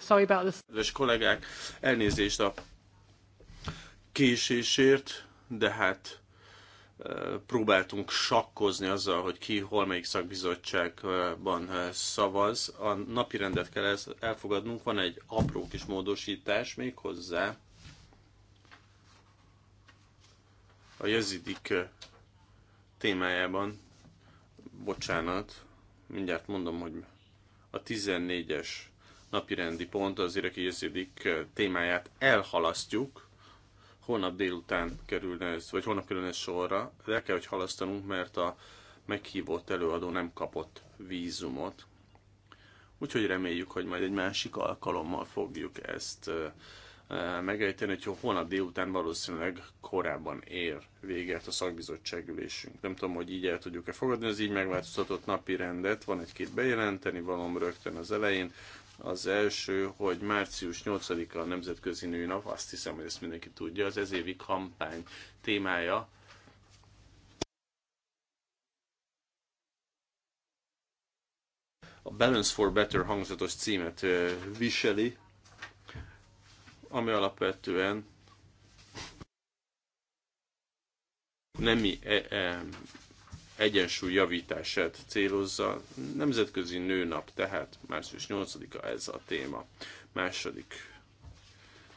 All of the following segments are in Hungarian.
Sorry about this. Kedves kollégák, elnézést a késésért, de hát próbáltunk sakkozni azzal, hogy ki hol melyik szakbizottságban szavaz. A napi rendet kell elfogadnunk, van egy apró kis módosítás még hozzá. A jezidik témájában, bocsánat, mindjárt mondom, hogy a 14-es Napi rendi pont az iraki jészidik eh, témáját elhalasztjuk. Holnap délután kerülne ez, vagy holnap kerülne ez sorra, de el kell, hogy halasztanunk, mert a meghívott előadó nem kapott vízumot. Úgyhogy reméljük, hogy majd egy másik alkalommal fogjuk ezt eh, eh, megejteni, hogy holnap délután valószínűleg korábban ér véget a szakbizottság ülésünk. Nem tudom, hogy így el tudjuk-e fogadni az így megváltoztatott napi rendet. Van egy-két bejelenteni valom rögtön az elején. Az első, hogy március 8-a a Nemzetközi Nap, azt hiszem, hogy ezt mindenki tudja, az ezévi kampány témája a Balance for Better hangzatos címet viseli, ami alapvetően nemi e, e, egyensúly javítását célozza. Nemzetközi nőnap, tehát március 8-a ez a téma. Második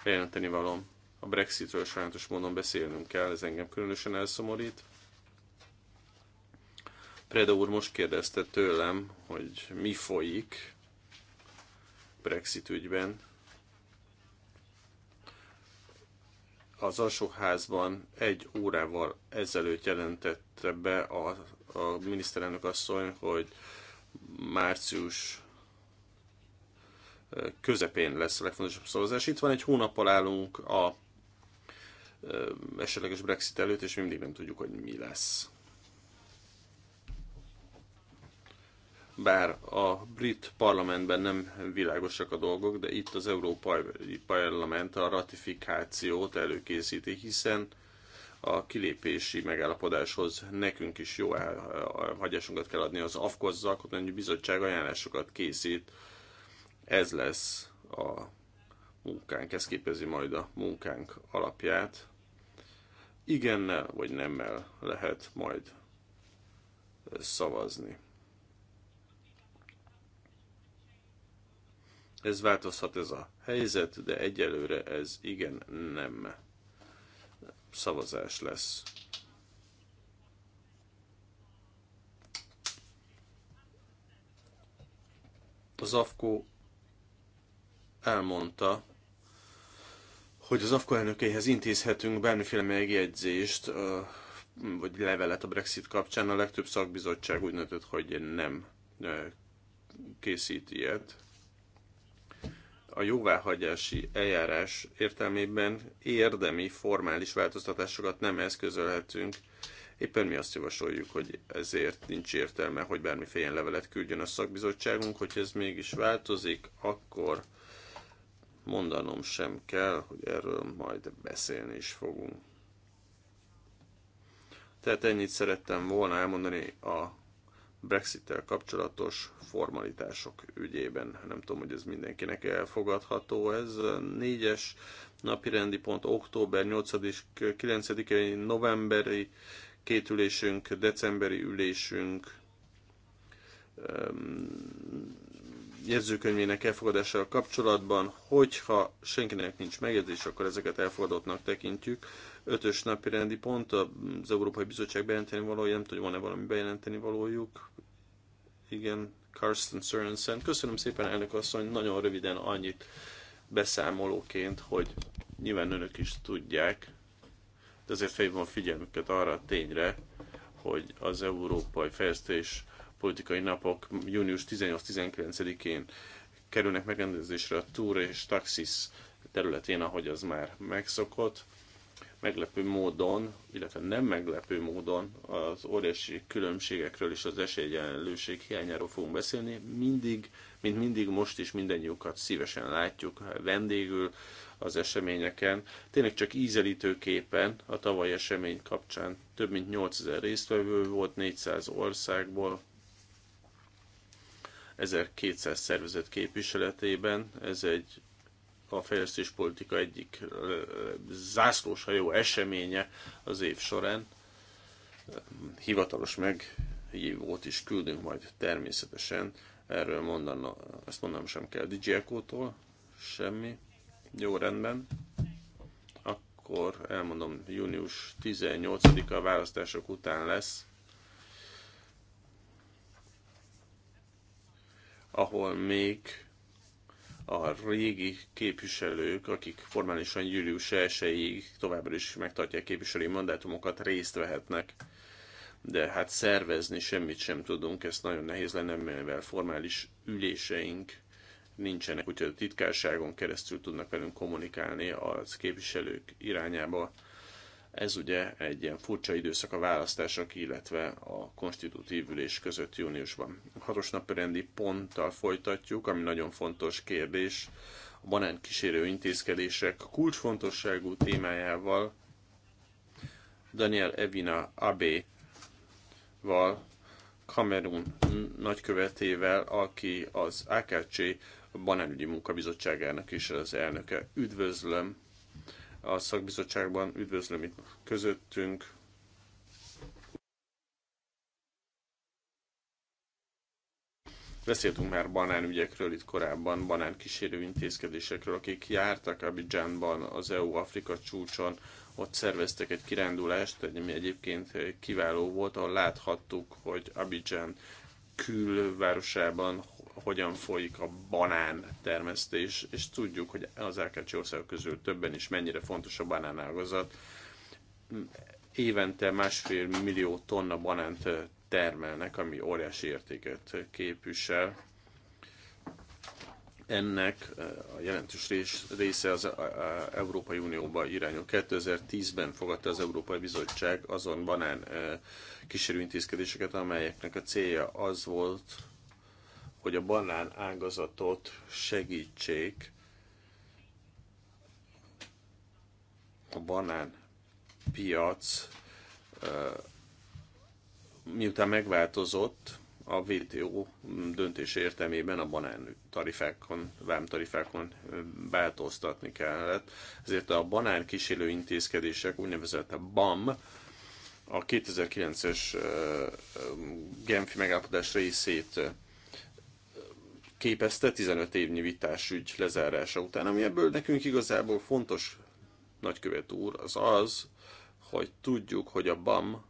bejelenteni valom. A Brexitről sajnos módon beszélnünk kell, ez engem különösen elszomorít. Preda úr most kérdezte tőlem, hogy mi folyik Brexit ügyben. az alsóházban egy órával ezelőtt jelentette be a, a miniszterelnök asszony, hogy március közepén lesz a legfontosabb szavazás. Itt van egy hónappal állunk a esetleges Brexit előtt, és mindig nem tudjuk, hogy mi lesz. bár a brit parlamentben nem világosak a dolgok, de itt az Európai Parlament a ratifikációt előkészíti, hiszen a kilépési megállapodáshoz nekünk is jó hagyásunkat kell adni. Az AFKOZ Alkotmányi Bizottság ajánlásokat készít, ez lesz a munkánk, ez képezi majd a munkánk alapját. Igennel vagy nemmel lehet majd szavazni. Ez változhat ez a helyzet, de egyelőre ez igen nem szavazás lesz. Az AFKO elmondta, hogy az AFKO elnökéhez intézhetünk bármiféle megjegyzést, vagy levelet a Brexit kapcsán. A legtöbb szakbizottság úgy nőtött, hogy nem készít ilyet a jóváhagyási eljárás értelmében érdemi, formális változtatásokat nem eszközölhetünk. Éppen mi azt javasoljuk, hogy ezért nincs értelme, hogy bármiféle levelet küldjön a szakbizottságunk, hogy ez mégis változik, akkor mondanom sem kell, hogy erről majd beszélni is fogunk. Tehát ennyit szerettem volna elmondani a Brexit-tel kapcsolatos formalitások ügyében. Nem tudom, hogy ez mindenkinek elfogadható. Ez négyes napi rendi pont október 8-9-i novemberi kétülésünk, decemberi ülésünk jegyzőkönyvének elfogadásával kapcsolatban, hogyha senkinek nincs megjegyzés, akkor ezeket elfogadottnak tekintjük ötös napi rendi pont, az Európai Bizottság bejelenteni valója, nem tudom, van-e valami bejelenteni valójuk. Igen, Carsten Sörensen. Köszönöm szépen, elnök asszony, nagyon röviden annyit beszámolóként, hogy nyilván önök is tudják, de azért felhívom a figyelmüket arra a tényre, hogy az Európai Fejlesztés politikai napok június 18-19-én kerülnek megrendezésre a túr és Taxis területén, ahogy az már megszokott meglepő módon, illetve nem meglepő módon az óriási különbségekről és az esélyegyenlőség hiányáról fogunk beszélni. Mindig, mint mindig most is mindennyiukat szívesen látjuk vendégül az eseményeken. Tényleg csak ízelítőképpen a tavaly esemény kapcsán több mint 8000 résztvevő volt 400 országból, 1200 szervezet képviseletében. Ez egy a fejlesztéspolitika egyik zászlós, jó eseménye az év során. Hivatalos meghívót is küldünk majd természetesen, erről mondana, ezt mondanom sem kell Eko-tól. semmi. Jó, rendben. Akkor elmondom, június 18-a a választások után lesz, ahol még a régi képviselők, akik formálisan július 1-ig továbbra is megtartják képviselői mandátumokat, részt vehetnek. De hát szervezni semmit sem tudunk, ezt nagyon nehéz lenne, mivel formális üléseink nincsenek, úgyhogy a titkárságon keresztül tudnak velünk kommunikálni az képviselők irányába ez ugye egy ilyen furcsa időszak a választások, illetve a konstitutív ülés között júniusban. A hatos ponttal folytatjuk, ami nagyon fontos kérdés, a banán kísérő intézkedések kulcsfontosságú témájával, Daniel Evina Abé-val, Kamerun nagykövetével, aki az AKC banánügyi munkabizottságának is az elnöke. Üdvözlöm a szakbizottságban. Üdvözlöm itt közöttünk. Beszéltünk már banánügyekről itt korábban, banánkísérő intézkedésekről, akik jártak Abidjanban az EU-Afrika csúcson, ott szerveztek egy kirándulást, ami egyébként kiváló volt, ahol láthattuk, hogy Abidjan külvárosában hogyan folyik a banán termesztés, és tudjuk, hogy az LKC országok közül többen is mennyire fontos a banánágazat. Évente másfél millió tonna banánt termelnek, ami óriási értéket képvisel. Ennek eh, a jelentős része az eh, eh, Európai Unióba irányul. 2010-ben fogadta az Európai Bizottság azon banán kísérő intézkedéseket, amelyeknek a célja az volt, hogy a banán ágazatot segítsék a banán piac miután megváltozott a WTO döntés értelmében a banán tarifákon, vámtarifákon változtatni kellett. Ezért a banán kísérő intézkedések, úgynevezett a BAM, a 2009-es Genfi megállapodás részét képezte 15 évnyi vitás ügy lezárása után. Ami ebből nekünk igazából fontos, nagykövet úr, az az, hogy tudjuk, hogy a BAM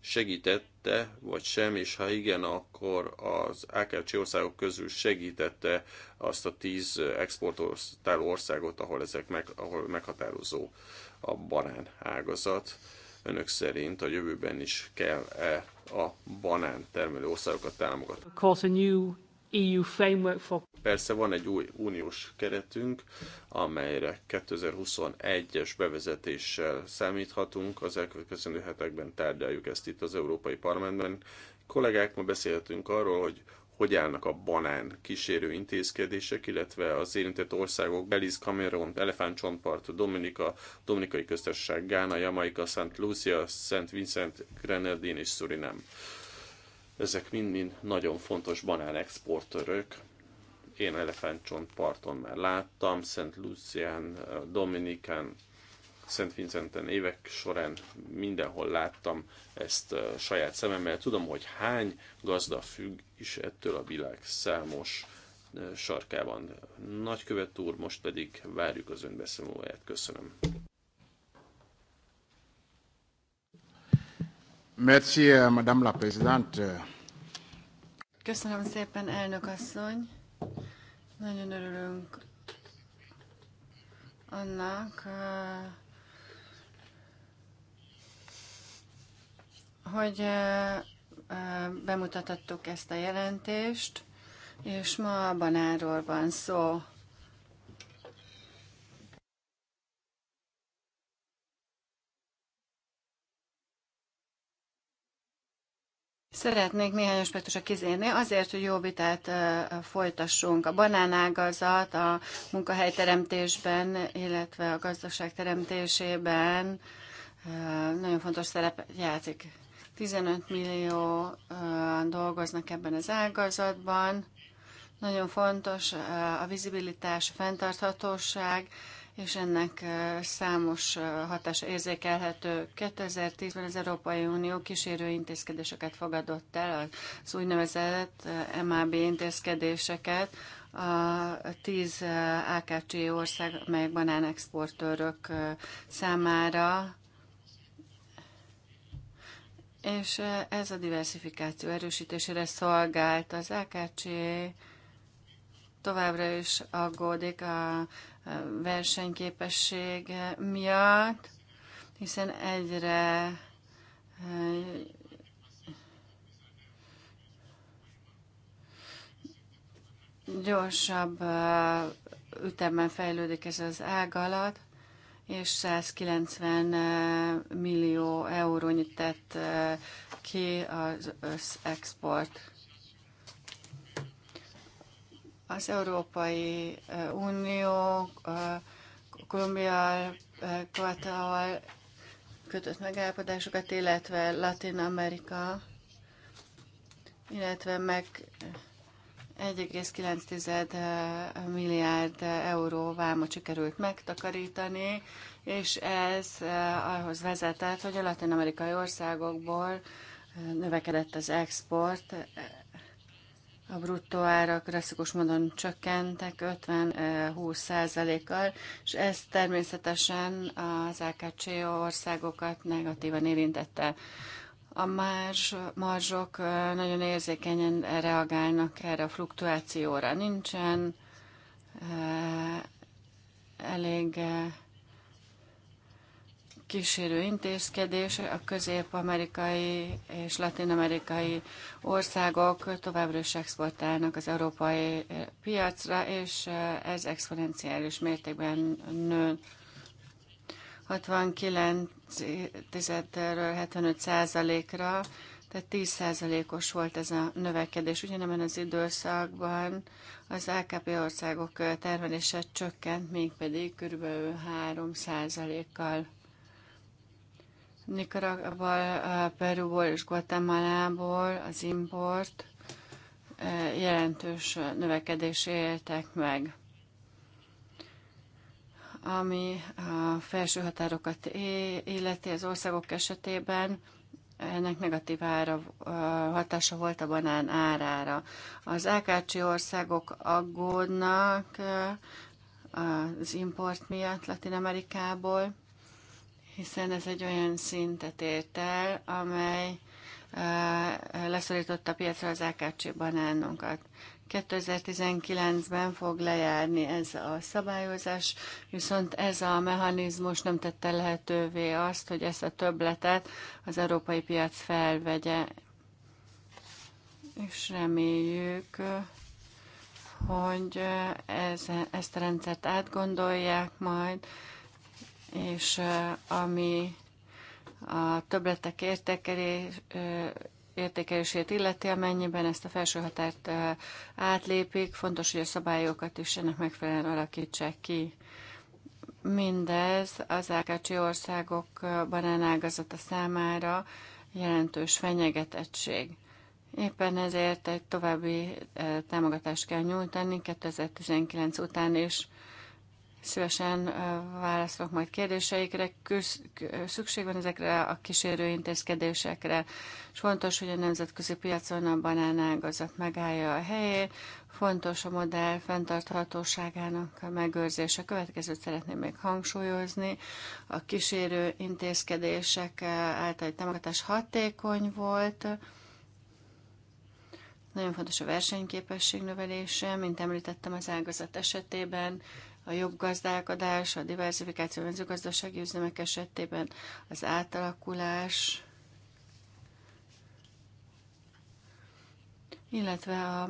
segítette, vagy sem, és ha igen, akkor az AKC országok közül segítette azt a tíz exportáló országot, ahol ezek meg, ahol meghatározó a banán ágazat. Önök szerint a jövőben is kell-e a banán termelő országokat támogatni? EU framework for... Persze van egy új uniós keretünk, amelyre 2021-es bevezetéssel számíthatunk. Az elkövetkező hetekben tárgyaljuk ezt itt az Európai Parlamentben. Kollégák, ma beszélhetünk arról, hogy hogy állnak a banán kísérő intézkedések, illetve az érintett országok Belize, Cameron, Elefántcsontpart, Dominika, Dominikai Köztársaság, Gána, Jamaika, Szent Lucia, Szent Vincent, Grenadine és Surinam. Ezek mind-mind nagyon fontos banánexportörök. Én parton már láttam, Szent Lucián, Dominikán, Szent Vincenten évek során mindenhol láttam ezt saját szememmel. Tudom, hogy hány gazda függ is ettől a világ számos sarkában. Nagykövet úr, most pedig várjuk az ön beszámolóját. Köszönöm. Merci, euh, Madame la Présidente. Köszönöm szépen, elnök asszony. Nagyon örülünk annak, uh, hogy uh, uh, bemutathattuk ezt a jelentést, és ma a banáról van szó. Szeretnék néhány aspektusra kizérni, azért, hogy jó vitát folytassunk. A banánágazat a munkahelyteremtésben, illetve a gazdaság teremtésében nagyon fontos szerepet játszik. 15 millió dolgoznak ebben az ágazatban. Nagyon fontos a vizibilitás, a fenntarthatóság, és ennek számos hatása érzékelhető. 2010-ben az Európai Unió kísérő intézkedéseket fogadott el, az úgynevezett MAB intézkedéseket, a 10 AKC ország, amelyek banánexportőrök számára, és ez a diversifikáció erősítésére szolgált. Az AKC továbbra is aggódik a versenyképesség miatt, hiszen egyre eh, gyorsabb eh, ütemben fejlődik ez az ágalat, és 190 eh, millió eurónyit tett ki az összexport. Az Európai Unió Kolumbia, Kvatával kötött megállapodásokat, illetve Latin Amerika, illetve meg 1,9 milliárd euró vámot sikerült megtakarítani, és ez ahhoz vezetett, hogy a latin-amerikai országokból növekedett az export a bruttó árak drasztikus módon csökkentek 50-20 százalékkal, és ez természetesen az AKC országokat negatívan érintette. A más marzsok nagyon érzékenyen reagálnak erre a fluktuációra. Nincsen elég kísérő intézkedés, a közép-amerikai és latin-amerikai országok továbbra is exportálnak az európai eh, piacra, és eh, ez exponenciális mértékben nő. 69-ről 75 százalékra, tehát 10 százalékos volt ez a növekedés. Ugyanebben az időszakban az AKP országok eh, termelése csökkent, mégpedig körülbelül 3 százalékkal. Nicaragua, eh, Perúból és Guatemalából az import eh, jelentős növekedés éltek meg. Ami a felső határokat illeti az országok esetében, ennek negatív ára, eh, hatása volt a banán árára. Az ákácsi országok aggódnak az import miatt Latin Amerikából hiszen ez egy olyan szintet ért el, amely leszorította a piacra az AKC banánunkat. 2019-ben fog lejárni ez a szabályozás, viszont ez a mechanizmus nem tette lehetővé azt, hogy ezt a többletet az európai piac felvegye. És reméljük, hogy ez, ezt a rendszert átgondolják majd, és ami a többletek értékelését illeti, amennyiben ezt a felső határt átlépik, fontos, hogy a szabályokat is ennek megfelelően alakítsák ki. Mindez az Ákácsi országok banánágazata számára jelentős fenyegetettség. Éppen ezért egy további támogatást kell nyújtani 2019 után is. Szívesen válaszolok majd kérdéseikre. szükség van ezekre a kísérő intézkedésekre, és fontos, hogy a nemzetközi piacon a banánágazat megállja a helyét. Fontos a modell fenntarthatóságának a megőrzése. Következőt szeretném még hangsúlyozni. A kísérő intézkedések által támogatás hatékony volt. Nagyon fontos a versenyképesség növelése, mint említettem az ágazat esetében, a jobb gazdálkodás, a diversifikáció a mezőgazdasági üzemek esetében, az átalakulás, illetve a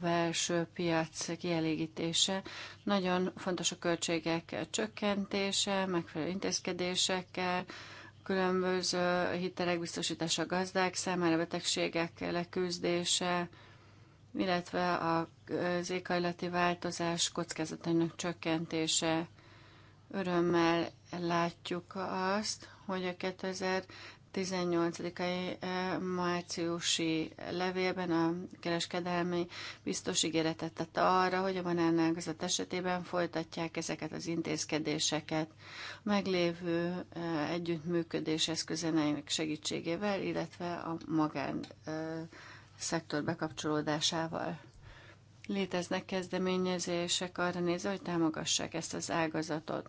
belső piac kielégítése. Nagyon fontos a költségek csökkentése, megfelelő intézkedésekkel, különböző hitelek biztosítása a gazdák számára, betegségek leküzdése, illetve a az éghajlati változás kockázatainak csökkentése. Örömmel látjuk azt, hogy a 2018-ai eh, márciusi levélben a kereskedelmi biztos ígéretet tette arra, hogy a banánágazat esetében folytatják ezeket az intézkedéseket meglévő eh, együttműködés eszközeneinek segítségével, illetve a magán eh, szektor bekapcsolódásával. Léteznek kezdeményezések arra nézve, hogy támogassák ezt az ágazatot.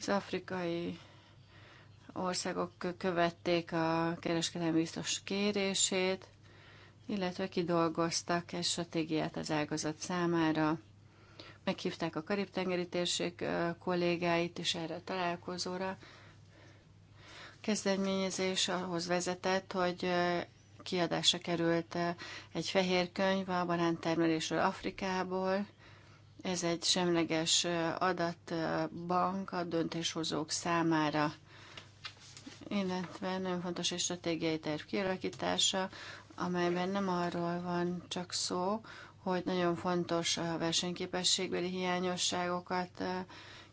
Az afrikai országok követték a kereskedelmi biztos kérését, illetve kidolgoztak egy stratégiát az ágazat számára. Meghívták a Karib-tengeri térség kollégáit is erre a találkozóra. A kezdeményezés ahhoz vezetett, hogy kiadásra került eh, egy fehér könyv a banántermelésről Afrikából. Ez egy semleges eh, adatbank a döntéshozók számára, illetve nagyon fontos egy stratégiai terv kialakítása, amelyben nem arról van csak szó, hogy nagyon fontos a versenyképességbeli hiányosságokat eh,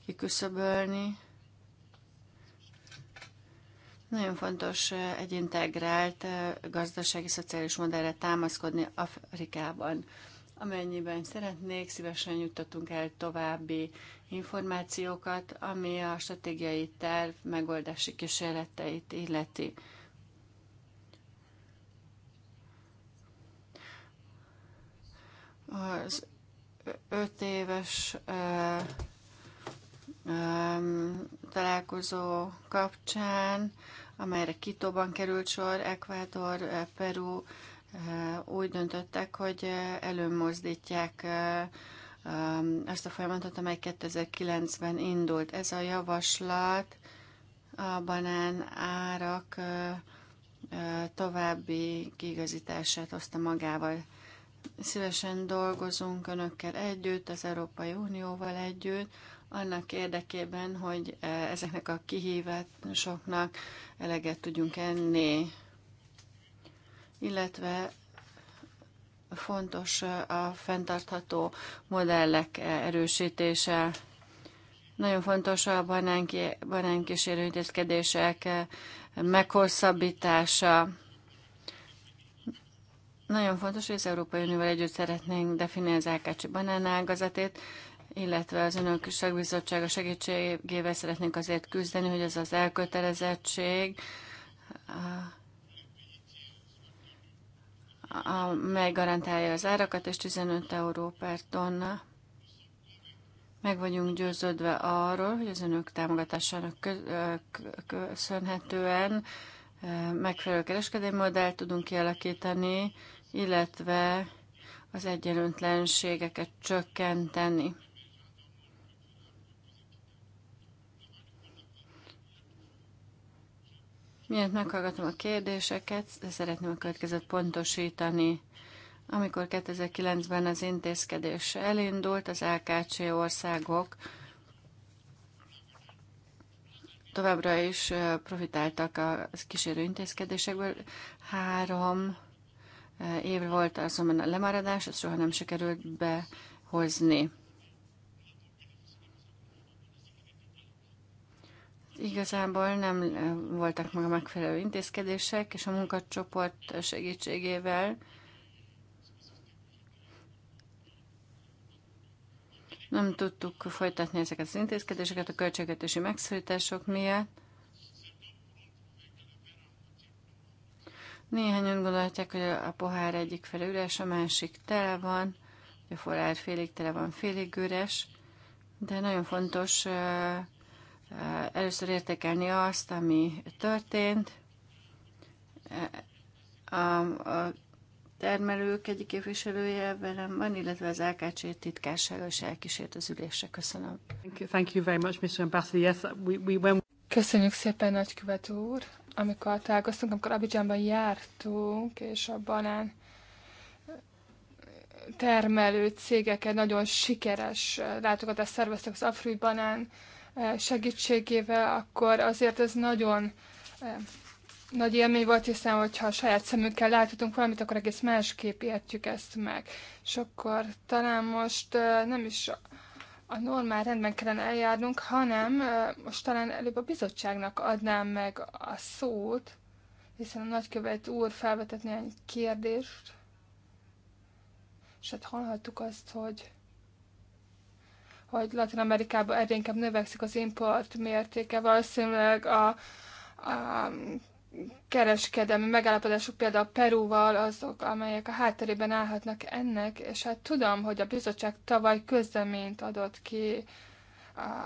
kiküszöbölni, nagyon fontos egy integrált gazdasági, szociális modellre támaszkodni Afrikában. Amennyiben szeretnék, szívesen juttatunk el további információkat, ami a stratégiai terv megoldási kísérleteit illeti. Az öt éves találkozó kapcsán, amelyre Kitóban került sor, Ekvádor, eh, Peru eh, úgy döntöttek, hogy eh, előmozdítják azt a folyamatot, amely 2009-ben indult. Ez a javaslat a banán árak további kiigazítását hozta magával. Szívesen dolgozunk önökkel együtt, az Európai Unióval együtt, annak érdekében, hogy e, ezeknek a kihívásoknak eleget tudjunk enni, illetve fontos a fenntartható modellek e, erősítése. Nagyon fontos a banánkísérő intézkedések e, meghosszabbítása. Nagyon fontos, hogy az Európai Unióval együtt szeretnénk definiálni az ákácsi banánágazatét, illetve az Önök Szakbizottsága segítségével szeretnénk azért küzdeni, hogy ez az elkötelezettség, amely garantálja az árakat, és 15 euró per tonna. Meg vagyunk győződve arról, hogy az önök támogatásának köszönhetően megfelelő kereskedelmi modellt tudunk kialakítani, illetve az egyenlőtlenségeket csökkenteni. Miért meghallgatom a kérdéseket, de szeretném a következőt pontosítani. Amikor 2009-ben az intézkedés elindult, az LKC országok továbbra is profitáltak a kísérő intézkedésekből. Három év volt azonban a lemaradás, ezt soha nem sikerült behozni. Igazából nem voltak meg a megfelelő intézkedések, és a munkacsoport segítségével nem tudtuk folytatni ezeket az intézkedéseket a költségvetési megszorítások miatt. Néhányan gondolhatják, hogy a pohár egyik fele üres, a másik tele van, a forrár félig tele van, félig üres, de nagyon fontos először értékelni azt, ami történt. A, termelők egyik képviselője velem van, illetve az LKC titkársága is elkísért az ülésre. Köszönöm. Thank you, very much, Mr. Ambassador. Yes, we, we, went... Köszönjük szépen, nagykövet úr! Amikor találkoztunk, amikor Abidjanban jártunk, és a banán termelő cégeket nagyon sikeres látogatást szerveztek az Afri Banán segítségével, akkor azért ez nagyon nagy élmény volt, hiszen hogyha a saját szemünkkel láthatunk valamit, akkor egész másképp értjük ezt meg. És akkor talán most nem is a normál rendben kellene eljárnunk, hanem most talán előbb a bizottságnak adnám meg a szót, hiszen a nagykövet úr felvetett néhány kérdést, és hát hallhattuk azt, hogy hogy Latin Amerikában egyre inkább növekszik az import mértéke, valószínűleg a, a kereskedelmi megállapodások például Perúval azok, amelyek a hátterében állhatnak ennek, és hát tudom, hogy a bizottság tavaly közleményt adott ki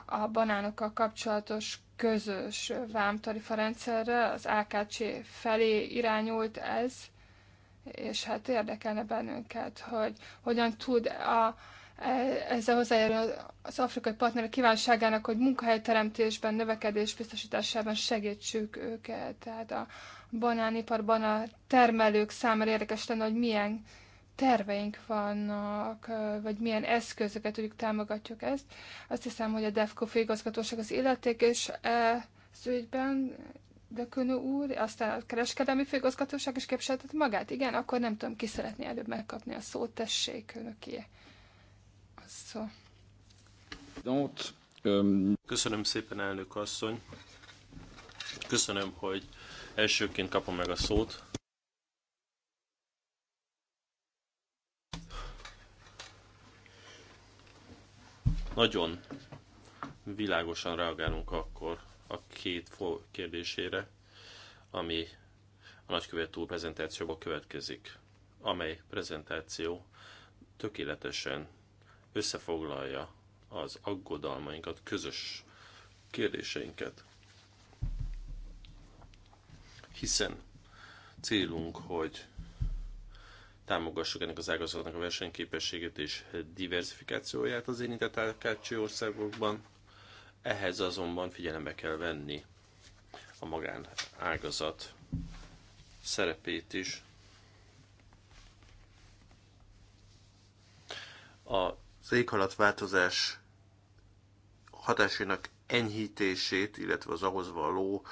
a, a banánokkal kapcsolatos közös vámtarifa rendszerre, az AKC felé irányult ez, és hát érdekelne bennünket, hogy hogyan tud a, ezzel hozzájárul az afrikai partnerek kívánságának, hogy munkahelyteremtésben, növekedés biztosításában segítsük őket. Tehát a banániparban a termelők számára érdekes lenne, hogy milyen terveink vannak, vagy milyen eszközöket tudjuk támogatjuk ezt. Azt hiszem, hogy a DEFCO főigazgatóság az és az e ügyben, de Könő úr, aztán a kereskedelmi főigazgatóság is képviseltet magát. Igen, akkor nem tudom, ki szeretné előbb megkapni a szót, tessék, önöké szó. Um, Köszönöm szépen, elnök asszony. Köszönöm, hogy elsőként kapom meg a szót. Nagyon világosan reagálunk akkor a két kérdésére, ami a nagykövet úr prezentációba következik, amely prezentáció tökéletesen összefoglalja az aggodalmainkat, közös kérdéseinket. Hiszen célunk, hogy támogassuk ennek az ágazatnak a versenyképességét és diversifikációját az érintett átkácsi országokban. Ehhez azonban figyelembe kell venni a magán ágazat szerepét is. A az éghajlatváltozás hatásainak enyhítését, illetve az ahhoz való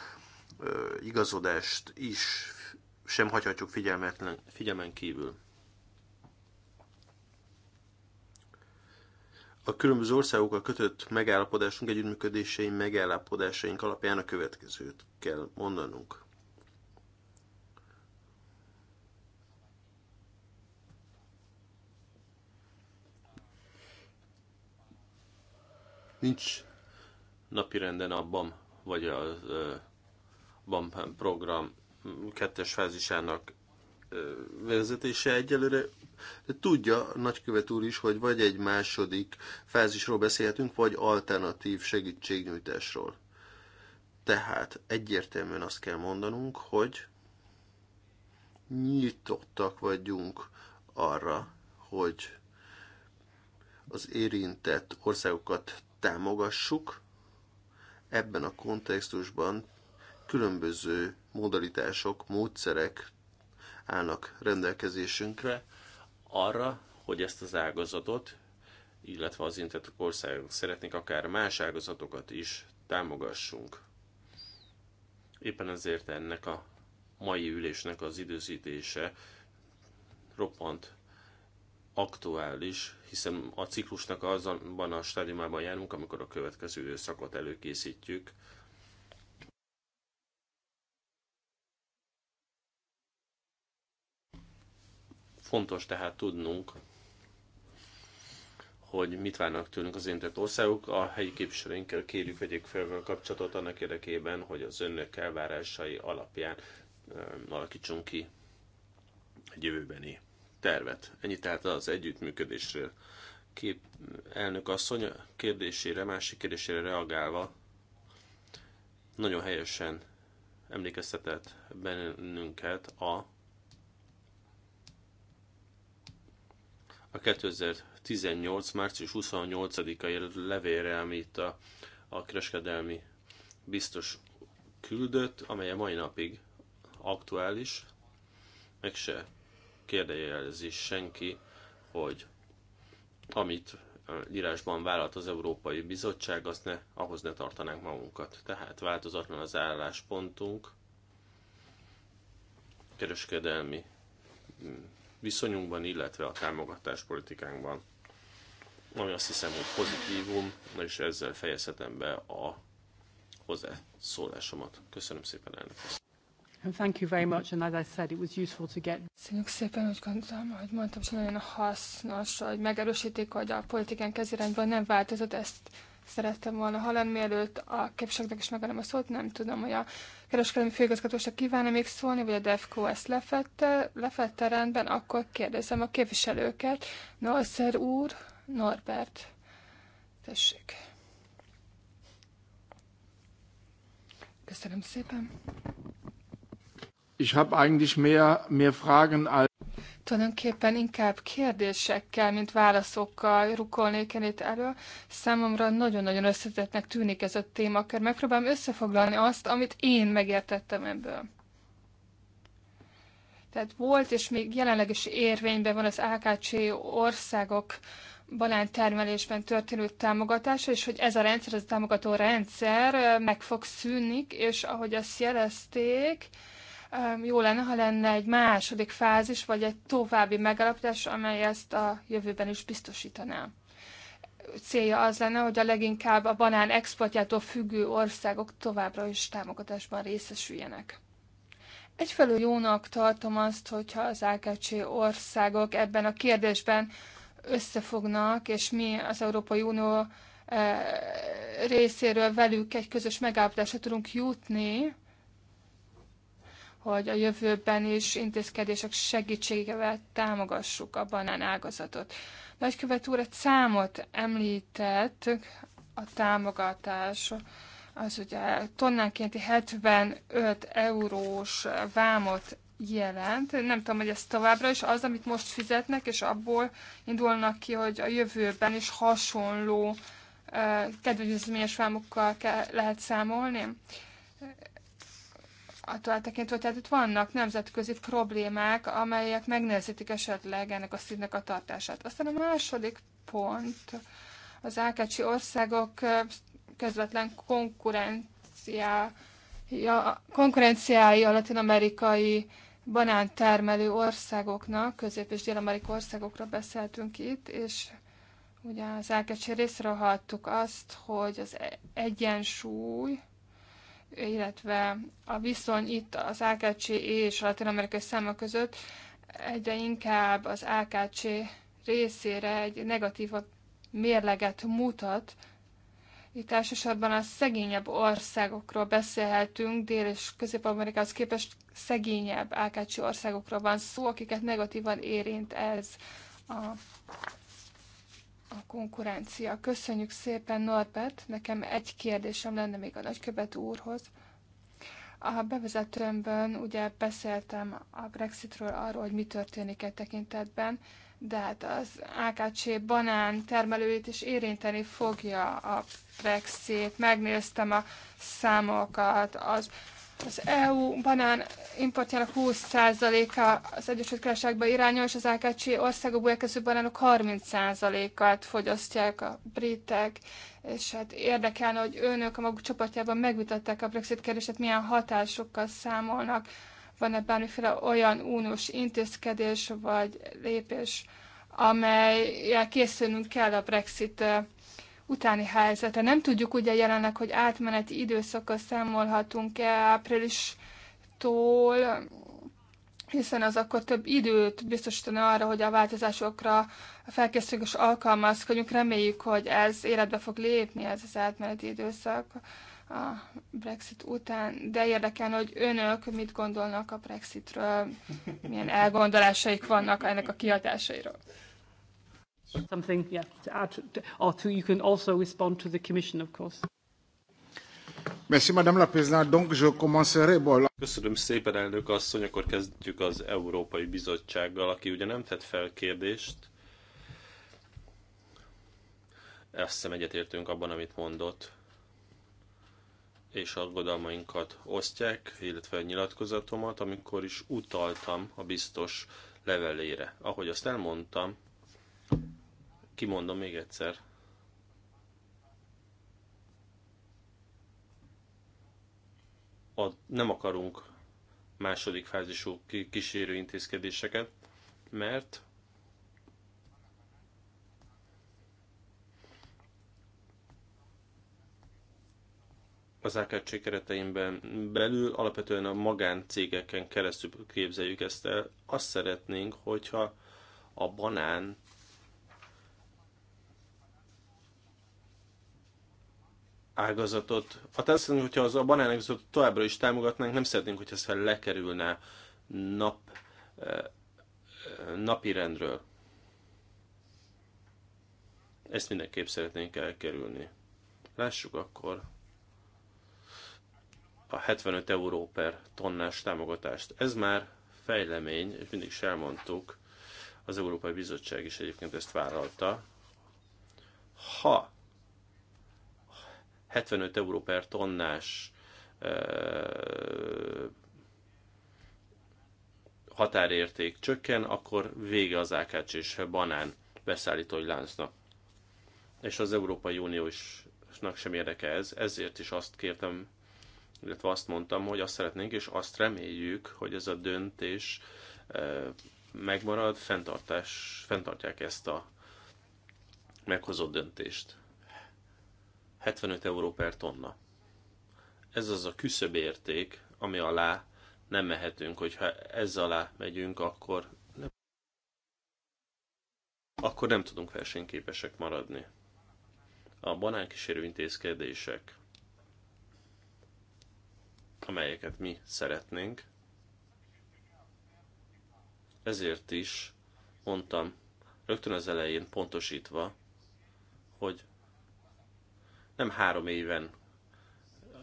igazodást is sem hagyhatjuk figyelmetlen, figyelmen kívül. A különböző országokkal kötött megállapodásunk, együttműködéseink, megállapodásaink alapján a következőt kell mondanunk. nincs napirenden BAM, vagy a BAM program kettes fázisának vezetése egyelőre. De tudja nagykövet úr is, hogy vagy egy második fázisról beszélhetünk, vagy alternatív segítségnyújtásról. Tehát egyértelműen azt kell mondanunk, hogy nyitottak vagyunk arra, hogy az érintett országokat támogassuk. Ebben a kontextusban különböző modalitások, módszerek állnak rendelkezésünkre arra, hogy ezt az ágazatot, illetve az intetek országok szeretnék akár más ágazatokat is támogassunk. Éppen ezért ennek a mai ülésnek az időzítése roppant aktuális, hiszen a ciklusnak azonban a stádiumában járunk, amikor a következő időszakot előkészítjük. Fontos tehát tudnunk, hogy mit várnak tőlünk az érintett országok. A helyi képviselőinkkel kérjük, vegyék fel a kapcsolatot annak érdekében, hogy az önök elvárásai alapján alakítsunk ki egy jövőbeni tervet. Ennyit tehát az együttműködésről. Kép, elnök asszony kérdésére, másik kérdésére reagálva nagyon helyesen emlékeztetett bennünket a a 2018. március 28-ai levélre, amit a, a kereskedelmi biztos küldött, amely a mai napig aktuális, meg se kérdejelezi senki, hogy amit írásban vállalt az Európai Bizottság, azt ne, ahhoz ne tartanánk magunkat. Tehát változatlan az álláspontunk, kereskedelmi mm, viszonyunkban, illetve a támogatás politikánkban. Ami azt hiszem, hogy pozitívum, és ezzel fejezhetem be a hozzászólásomat. Köszönöm szépen, elnök thank you very much, and as I said, it was useful to get... Köszönjük szépen, hogy gondolom, hogy mondtam, hogy nagyon hasznos, hogy megerősítik, hogy a politikán kezirányban nem változott, ezt szerettem volna hallani, mielőtt a képviselőknek is megadom a szót, nem tudom, hogy a kereskedelmi főigazgatóság kívánna még szólni, vagy a DEFCO ezt lefette, lefette rendben, akkor kérdezem a képviselőket. Nalszer úr, Norbert, tessék. Köszönöm szépen. Ich habe eigentlich mehr, mehr Fragen als tulajdonképpen inkább kérdésekkel, mint válaszokkal rukolnék én itt elő. Számomra nagyon-nagyon összetettnek tűnik ez a témakör. Megpróbálom összefoglalni azt, amit én megértettem ebből. Tehát volt, és még jelenleg is érvényben van az AKC országok balán termelésben történő támogatása, és hogy ez a rendszer, ez a támogató rendszer meg fog szűnni, és ahogy azt jelezték, jó lenne, ha lenne egy második fázis, vagy egy további megalapítás, amely ezt a jövőben is biztosítaná. Célja az lenne, hogy a leginkább a banán exportjától függő országok továbbra is támogatásban részesüljenek. Egyfelől jónak tartom azt, hogyha az AKC országok ebben a kérdésben összefognak, és mi az Európai Unió eh, részéről velük egy közös megállapodásra tudunk jutni, hogy a jövőben is intézkedések segítségével támogassuk a banán ágazatot. Nagykövet úr egy számot említett a támogatás, az ugye tonnánkénti 75 eurós vámot jelent. Nem tudom, hogy ez továbbra is az, amit most fizetnek, és abból indulnak ki, hogy a jövőben is hasonló eh, kedvezményes vámokkal lehet számolni attól tekintve, tehát itt vannak nemzetközi problémák, amelyek megnehezítik esetleg ennek a színnek a tartását. Aztán a második pont, az ákácsi országok közvetlen konkurenciája, konkurenciái a latin-amerikai banántermelő országoknak, közép- és dél-amerikai országokra beszéltünk itt, és ugye az ákácsi részre hallottuk azt, hogy az e-, egyensúly, illetve a viszony itt az AKC és a latin-amerikai száma között egyre inkább az AKC részére egy negatívabb mérleget mutat. Itt elsősorban a szegényebb országokról beszélhetünk, Dél- és Közép-Amerikához képest szegényebb AKC országokról van szó, akiket negatívan érint ez a a konkurencia. Köszönjük szépen, Norbert. Nekem egy kérdésem lenne még a nagykövet úrhoz. A bevezetőmben ugye beszéltem a Brexitről, arról, hogy mi történik egy tekintetben, de hát az AKC banán termelőit is érinteni fogja a Brexit. Megnéztem a számokat, az az EU banán importjának 20%-a az Egyesült Királyságba irányul, és az AKC országokból érkező banánok 30%-át fogyasztják a britek, és hát érdekelne, hogy önök a maguk csoportjában megvitatták a Brexit kérdését, milyen hatásokkal számolnak, van-e bármiféle olyan uniós intézkedés vagy lépés, amelyel készülnünk kell a Brexit eh, utáni helyzete. Nem tudjuk ugye jelenleg, hogy átmeneti időszakra számolhatunk-e áprilistól, hiszen az akkor több időt biztosítana arra, hogy a változásokra felkészüljünk és alkalmazkodjunk. Reméljük, hogy ez életbe fog lépni, ez az átmeneti időszak a Brexit után, de érdekelne, hogy önök mit gondolnak a Brexitről, milyen elgondolásaik vannak ennek a kihatásairól. Something, yeah, to add, to, to, or to, you can also respond to the Commission, of course. Merci, Madame la Présidente. Donc, je commencerai... Bon, Köszönöm szépen, elnök asszony. Akkor kezdjük az Európai Bizottsággal, aki ugye nem tett fel kérdést. Azt hiszem egyetértünk abban, amit mondott és aggodalmainkat osztják, illetve a nyilatkozatomat, amikor is utaltam a biztos levelére. Ahogy azt elmondtam, Kimondom még egyszer. A, nem akarunk második fázisú kísérő intézkedéseket, mert az AKC kereteimben belül alapvetően a magáncégeken keresztül képzeljük ezt el. Azt szeretnénk, hogyha a banán ágazatot, hát azt mondjuk, hogyha az a banán ágazatot továbbra is támogatnánk, nem szeretnénk, hogy ez fel lekerülne nap, eh, eh, napi rendről. Ezt mindenképp szeretnénk elkerülni. Lássuk akkor a 75 euró per tonnás támogatást. Ez már fejlemény, és mindig is elmondtuk, az Európai Bizottság is egyébként ezt vállalta. Ha 75 euró per tonnás határérték csökken, akkor vége az ákács és banán beszállítói láncnak. És az Európai Unió is sem érdeke ez, ezért is azt kértem, illetve azt mondtam, hogy azt szeretnénk, és azt reméljük, hogy ez a döntés megmarad, fenntartás, fenntartják ezt a meghozott döntést. 75 euró per tonna. Ez az a küszöb érték, ami alá nem mehetünk, hogyha ez alá megyünk, akkor nem, akkor nem tudunk versenyképesek maradni. A banánkísérő intézkedések, amelyeket mi szeretnénk, ezért is mondtam rögtön az elején pontosítva, hogy nem három éven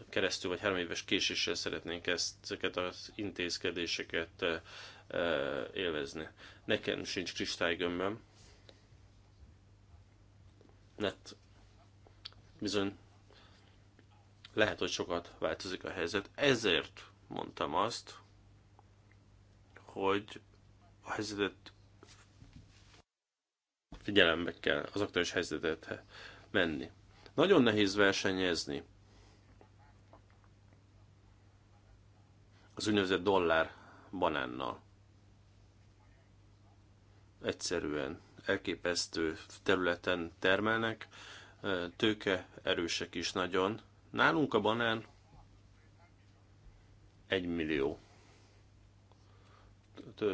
keresztül, vagy három éves késéssel szeretnénk ezt, ezeket az intézkedéseket eh, eh, élvezni. Nekem sincs kristálygömböm, mert bizony lehet, hogy sokat változik a helyzet. Ezért mondtam azt, hogy a helyzetet figyelembe kell, az aktuális helyzetet menni. Nagyon nehéz versenyezni. Az úgynevezett dollár banánnal. Egyszerűen elképesztő területen termelnek, tőke erősek is nagyon. Nálunk a banán 1 millió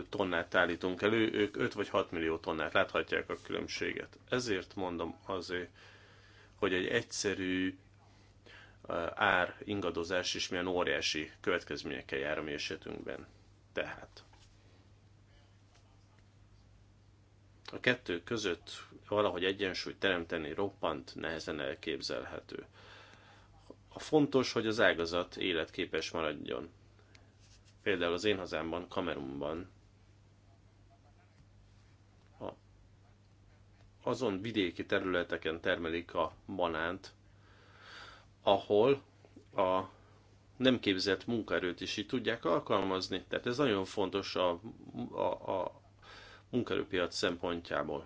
tonnát állítunk elő, ők 5 vagy 6 millió tonnát, láthatják a különbséget. Ezért mondom azért, hogy egy egyszerű eh, ár ingadozás is milyen óriási következményekkel jár a mi esetünkben. Tehát a kettő között valahogy egyensúlyt teremteni roppant nehezen elképzelhető. A fontos, hogy az ágazat életképes maradjon. Például az én hazámban, Kamerunban azon vidéki területeken termelik a banánt, ahol a nem képzett munkaerőt is így tudják alkalmazni. Tehát ez nagyon fontos a, a, a munkaerőpiac szempontjából.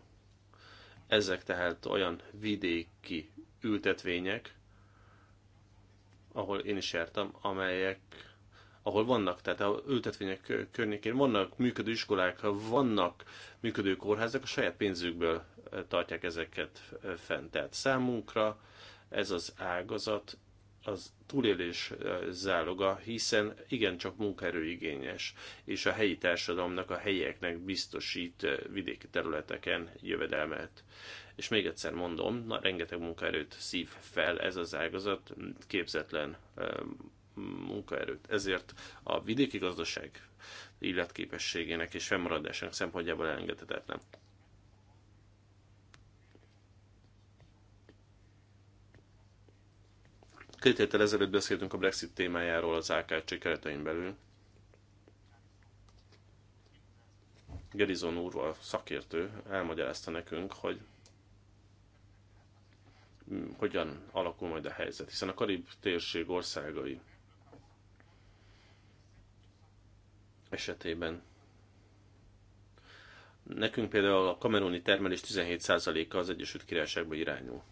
Ezek tehát olyan vidéki ültetvények, ahol én is jártam, amelyek, ahol vannak, tehát a ültetvények környékén vannak működő iskolák, vannak működő kórházak, a saját pénzükből tartják ezeket fent. Tehát számunkra ez az ágazat az túlélés záloga, hiszen igencsak munkaerőigényes, és a helyi társadalomnak, a helyieknek biztosít vidéki területeken jövedelmet. És még egyszer mondom, na, rengeteg munkaerőt szív fel ez az ágazat, képzetlen munkaerőt. Ezért a vidéki gazdaság illetképességének és fennmaradásának szempontjából elengedhetetlen. Két héttel ezelőtt beszéltünk a Brexit témájáról az AKC keretein belül. Gerizon úr, a szakértő elmagyarázta nekünk, hogy hogyan alakul majd a helyzet, hiszen a Karib térség országai esetében nekünk például a kameruni termelés 17%-a az Egyesült Királyságba irányul.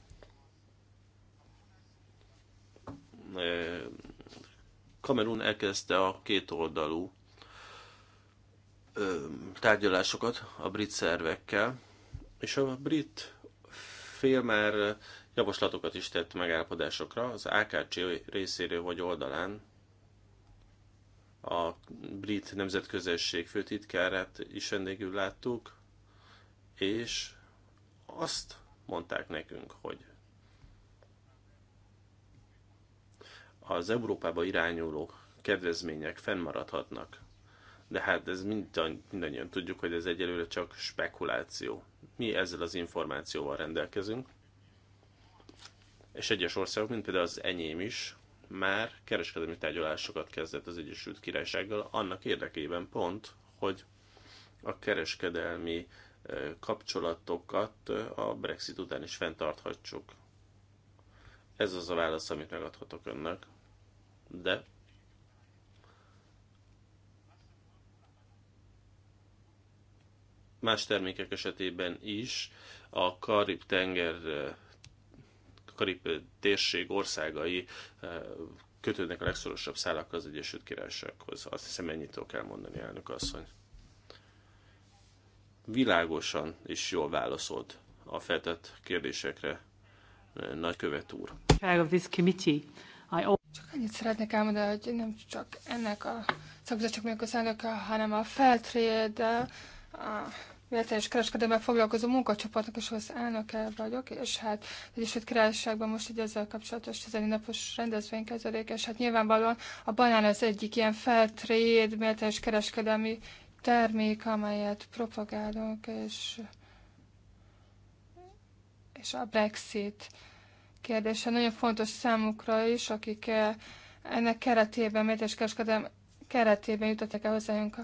Kamerun elkezdte a kétoldalú tárgyalásokat a brit szervekkel, és a brit fél már javaslatokat is tett megállapodásokra az AKC részéről vagy oldalán a brit nemzetközösség főtitkárát is vendégül láttuk, és azt mondták nekünk, hogy az Európába irányuló kedvezmények fennmaradhatnak. De hát ez mindannyian, mindannyian tudjuk, hogy ez egyelőre csak spekuláció. Mi ezzel az információval rendelkezünk, és egyes országok, mint például az enyém is, már kereskedelmi tárgyalásokat kezdett az Egyesült Királysággal, annak érdekében pont, hogy a kereskedelmi kapcsolatokat a Brexit után is fenntarthatjuk. Ez az a válasz, amit megadhatok önnek de más termékek esetében is a Karib-tenger, Karib eh, eh, térség országai eh, kötődnek a legszorosabb szálak az Egyesült Királysághoz. Azt hiszem ennyit kell mondani, elnök asszony. Világosan és jól válaszolt a feltett kérdésekre nagykövet úr. Of this committee. Csak annyit szeretnék elmondani, hogy nem csak ennek a szakbizottságnak a elnöke, hanem a Feltrade, a Vérteljes kereskedőben foglalkozó munkacsoportnak is az elnöke vagyok, és hát Egyesült Királyságban most így ezzel kapcsolatos 10 napos rendezvény kezdődik, és hát nyilvánvalóan a banán az egyik ilyen feltréd, méltányos kereskedelmi termék, amelyet propagálunk, és, és a Brexit kérdése nagyon fontos számukra is, akik eh, ennek keretében, mértes kereskedelem keretében jutottak el hozzájunk a,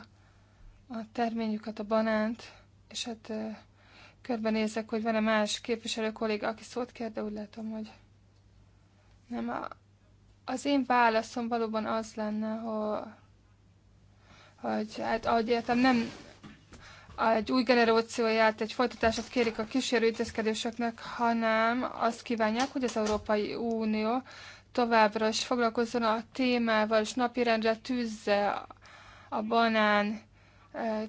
a terményüket, a banánt, és hát eh, körbenézek, hogy van-e más képviselő kolléga, aki szót kér, de úgy látom, hogy nem. A, az én válaszom valóban az lenne, hogy, hogy hát ahogy értem, nem egy új generációját, egy folytatását kérik a kísérő intézkedéseknek, hanem azt kívánják, hogy az Európai Unió továbbra is foglalkozzon a témával, és napirendre tűzze a banán eh,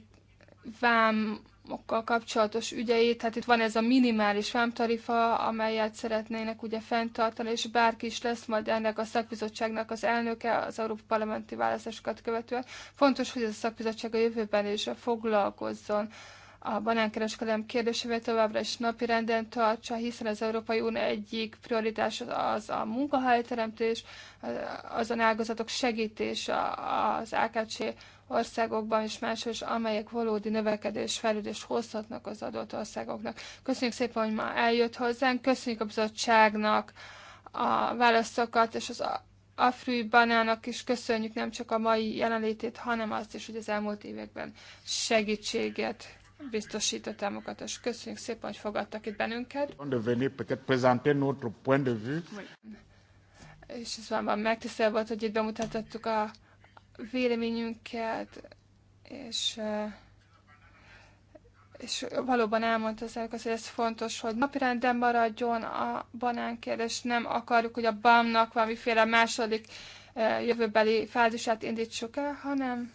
vám vámokkal kapcsolatos ügyeit, tehát itt van ez a minimális vámtarifa, amelyet szeretnének ugye fenntartani, és bárki is lesz majd ennek a szakbizottságnak az elnöke az Európai Parlamenti választásokat követően. Fontos, hogy ez a szakbizottság a jövőben is foglalkozzon a banánkereskedelem kérdésével továbbra is napi renden tartsa, hiszen az Európai Unió egyik prioritás az a munkahelyteremtés, azon ágazatok segítése az AKC országokban és máshol is, amelyek valódi növekedés, fejlődést hozhatnak az adott országoknak. Köszönjük szépen, hogy ma eljött hozzánk, köszönjük a bizottságnak a válaszokat, és az Afrui Banának is köszönjük nem csak a mai jelenlétét, hanem azt is, hogy az elmúlt években segítséget biztosít a támogatást. Köszönjük szépen, hogy fogadtak itt bennünket. És ez van megtisztelő volt, hogy itt bemutathattuk a véleményünket, és, eh, és valóban elmondta az elkező, hogy ez fontos, hogy napirenden maradjon a banánkérdés, nem akarjuk, hogy a BAM-nak valamiféle második eh, jövőbeli fázisát indítsuk el, hanem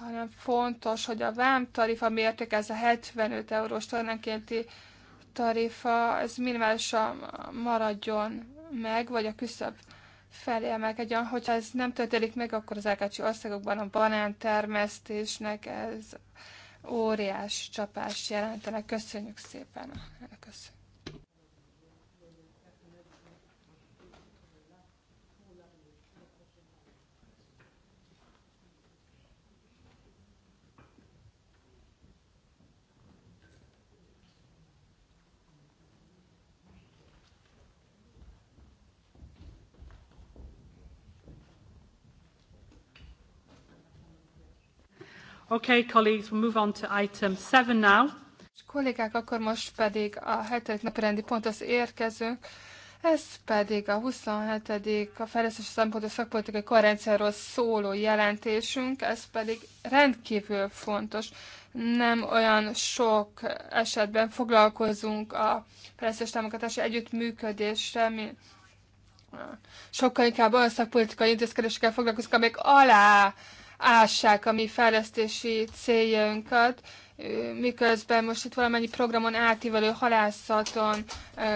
hanem fontos, hogy a vám tarifa mértéke, ez a 75 eurós tornánkénti tarifa, ez minimálisan maradjon meg, vagy a küszöbb felé emelkedjen. Hogyha ez nem történik meg, akkor az elkácsi országokban a termesztésnek ez óriás csapást jelentenek. Köszönjük szépen! Köszönjük. Okay, colleagues, we'll move on to item seven now. És kollégák, akkor most pedig a hetedik napi rendi ponthoz érkezünk. Ez pedig a 27. a fejlesztés szempontú szakpolitikai koherenciáról szóló jelentésünk, ez pedig rendkívül fontos. Nem olyan sok esetben foglalkozunk a fejlesztés támogatási együttműködésre, mi sokkal inkább olyan szakpolitikai intézkedésekkel foglalkozunk, amelyek alá ássák a mi fejlesztési céljainkat, miközben most itt valamennyi programon átívelő, halászaton,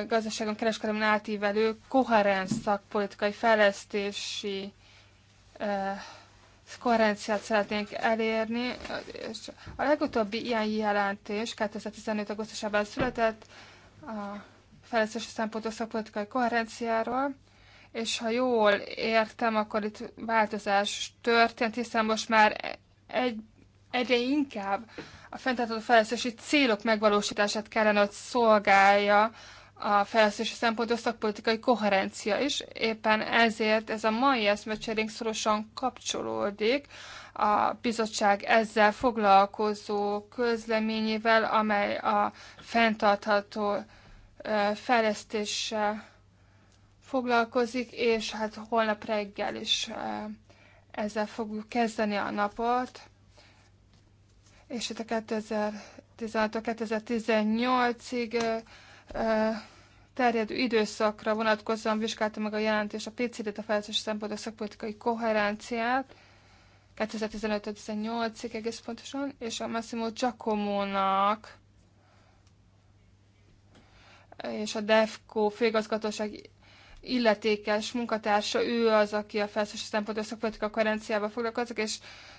gazdaságon, kereskedelmen átívelő, koherens szakpolitikai fejlesztési koherenciát szeretnénk elérni, a legutóbbi ilyen jelentés 2015. augusztusában született a fejlesztési szempontok szakpolitikai koherenciáról, és ha jól értem, akkor itt változás történt, hiszen most már egy, egyre inkább a fenntartható fejlesztési célok megvalósítását kellene, hogy szolgálja a fejlesztési szempontos szakpolitikai koherencia is. Éppen ezért ez a mai eszmecserénk szorosan kapcsolódik a bizottság ezzel foglalkozó közleményével, amely a fenntartható fejlesztéssel foglalkozik, és hát holnap reggel is ezzel fogjuk kezdeni a napot. És itt a 2016-2018-ig terjedő időszakra vonatkozóan vizsgálta meg a jelentés a PCD-t, a szempontból a szakpolitikai koherenciát, 2015-18-ig egész pontosan, és a Massimo Giacomo-nak és a DEFCO főigazgatóság illetékes munkatársa, ő az, aki a felszólási szempontból szakpolitika karenciával foglalkozik, és,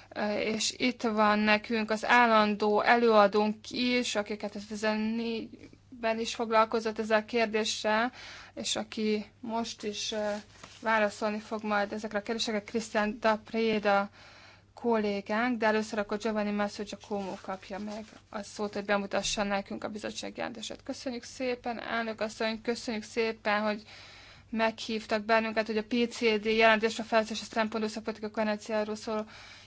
eh, és itt van nekünk az állandó előadónk is, aki 2014-ben is foglalkozott ezzel a kérdéssel, és aki most is eh, válaszolni fog majd ezekre a kérdésekre, Krisztián Dapréda kollégánk, de először akkor Giovanni Masso Giacomo kapja meg a szót, hogy bemutassa nekünk a bizottság jelentését. Köszönjük szépen, elnök asszony, köszönjük szépen, hogy meghívtak bennünket, hogy a PCD jelentésre felszes szempontú szakpolitika koherenciáról szóló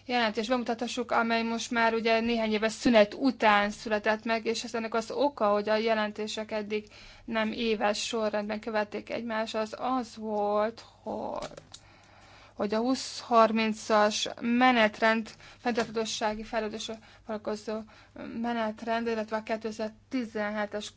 jelentést bemutatásuk, amely most már ugye néhány éves szünet után született meg, és ez ennek az oka, hogy a jelentések eddig nem éves sorrendben követték egymást, az az volt, hogy hogy a 20-30-as menetrend, fenntartatossági fejlődésre foglalkozó menetrend, illetve a 2017-es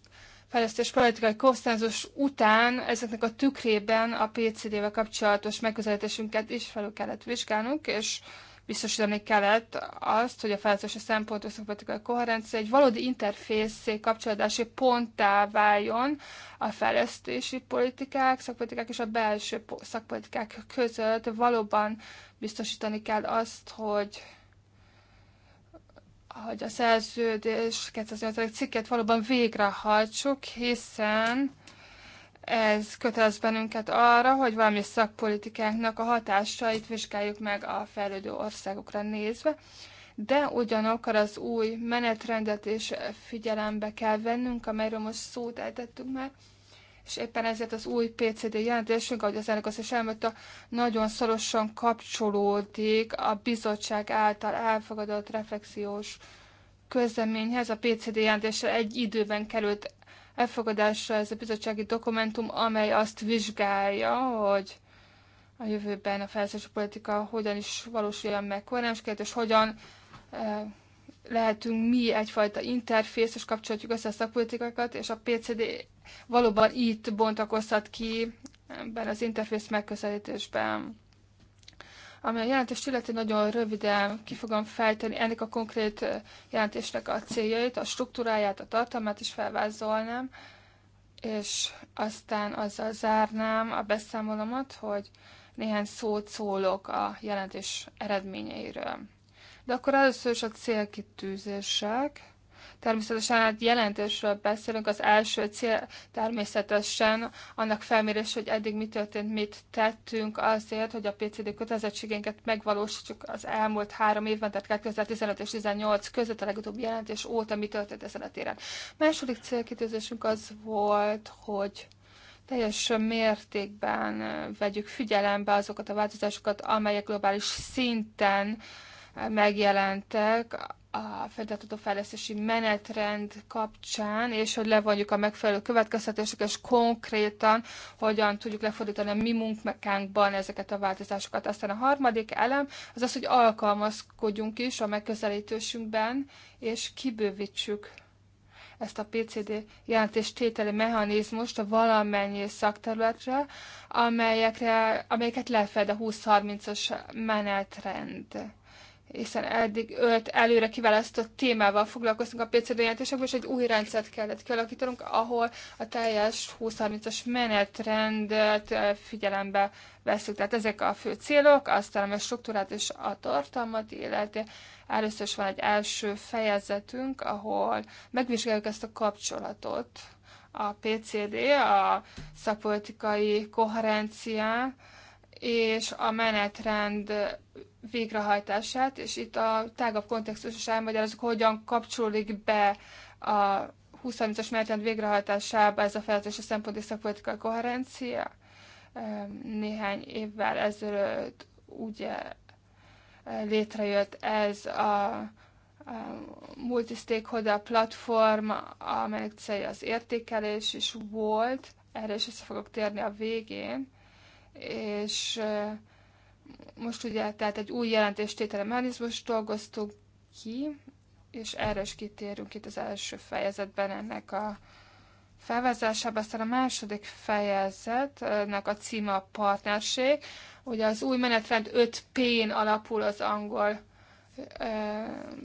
fejlesztés politikai konszenzus után ezeknek a tükrében a PCD-vel kapcsolatos megközelítésünket is felül kellett vizsgálnunk, és biztosítani kellett azt, hogy a fejlesztési szempontok szakpolitikai koherencia egy valódi interfészé kapcsolódási ponttá váljon a fejlesztési politikák, szakpolitikák és a belső szakpolitikák között valóban biztosítani kell azt, hogy hogy a szerződés 2008. cikket valóban végrehajtsuk, hiszen ez kötelez bennünket arra, hogy valami szakpolitikáknak a hatásait vizsgáljuk meg a fejlődő országokra nézve, de ugyanakkor az új menetrendet is figyelembe kell vennünk, amelyről most szót eltettünk már, és éppen ezért az új PCD jelentésünk, ahogy az elnök azt is elmondta, nagyon szorosan kapcsolódik a bizottság által elfogadott reflexiós közleményhez. A PCD jelentésre egy időben került elfogadásra ez a bizottsági dokumentum, amely azt vizsgálja, hogy a jövőben a felszállási politika hogyan is valósulja meg koherensként, és hogyan eh, lehetünk mi egyfajta interfész, és kapcsoljuk össze a szakpolitikákat, és a PCD valóban itt bontakozhat ki ebben az interfész megközelítésben. Ami a jelentést illeti, nagyon röviden ki fogom fejteni ennek a konkrét jelentésnek a céljait, a struktúráját, a tartalmát is felvázolnám, és aztán azzal zárnám a beszámolomat, hogy néhány szót szólok a jelentés eredményeiről. De akkor először is a célkitűzések. Természetesen hát jelentősről beszélünk, az első cél természetesen annak felmérés, hogy eddig mi történt, mit tettünk azért, hogy a PCD kötelezettségénket megvalósítsuk az elmúlt három évben, tehát 2015 és 2018 között a legutóbbi jelentés óta mi történt ezen a téren. Második célkitűzésünk az volt, hogy teljes mértékben vegyük figyelembe azokat a változásokat, amelyek globális szinten uh, megjelentek a fenntartható fejlesztési menetrend kapcsán, és hogy levonjuk a megfelelő következtetéseket, és konkrétan hogyan tudjuk lefordítani a mi munkánkban ezeket a változásokat. Aztán a harmadik elem az az, hogy alkalmazkodjunk is a megközelítésünkben, és kibővítsük ezt a PCD jelentéstételi mechanizmust a valamennyi szakterületre, amelyekre, amelyeket lefed a 20-30-as menetrend hiszen eddig öt előre kiválasztott témával foglalkoztunk a PCD jelentésekből, és egy új rendszert kellett kialakítanunk, ahol a teljes 20-30-as menetrendet eh, figyelembe veszük. Tehát ezek a fő célok, aztán a struktúrát és a tartalmat, illetve először is van egy első fejezetünk, ahol megvizsgáljuk ezt a kapcsolatot. A PCD, a szakpolitikai koherencia, és a menetrend végrehajtását, és itt a tágabb kontextus is azok hogyan kapcsolódik be a 20 as menetrend végrehajtásába ez a fejlesztési szempont és szakpolitikai koherencia. Néhány évvel ezelőtt ugye létrejött ez a, a multi-stakeholder platform, amelyik célja az értékelés is volt, erre is össze fogok térni a végén, és most ugye tehát egy új jelentéstétele mechanizmus dolgoztuk ki, és erre is kitérünk itt az első fejezetben ennek a felvezetésében. Aztán a második fejezetnek a címe a partnerség. Ugye az új menetrend 5 p alapul az angol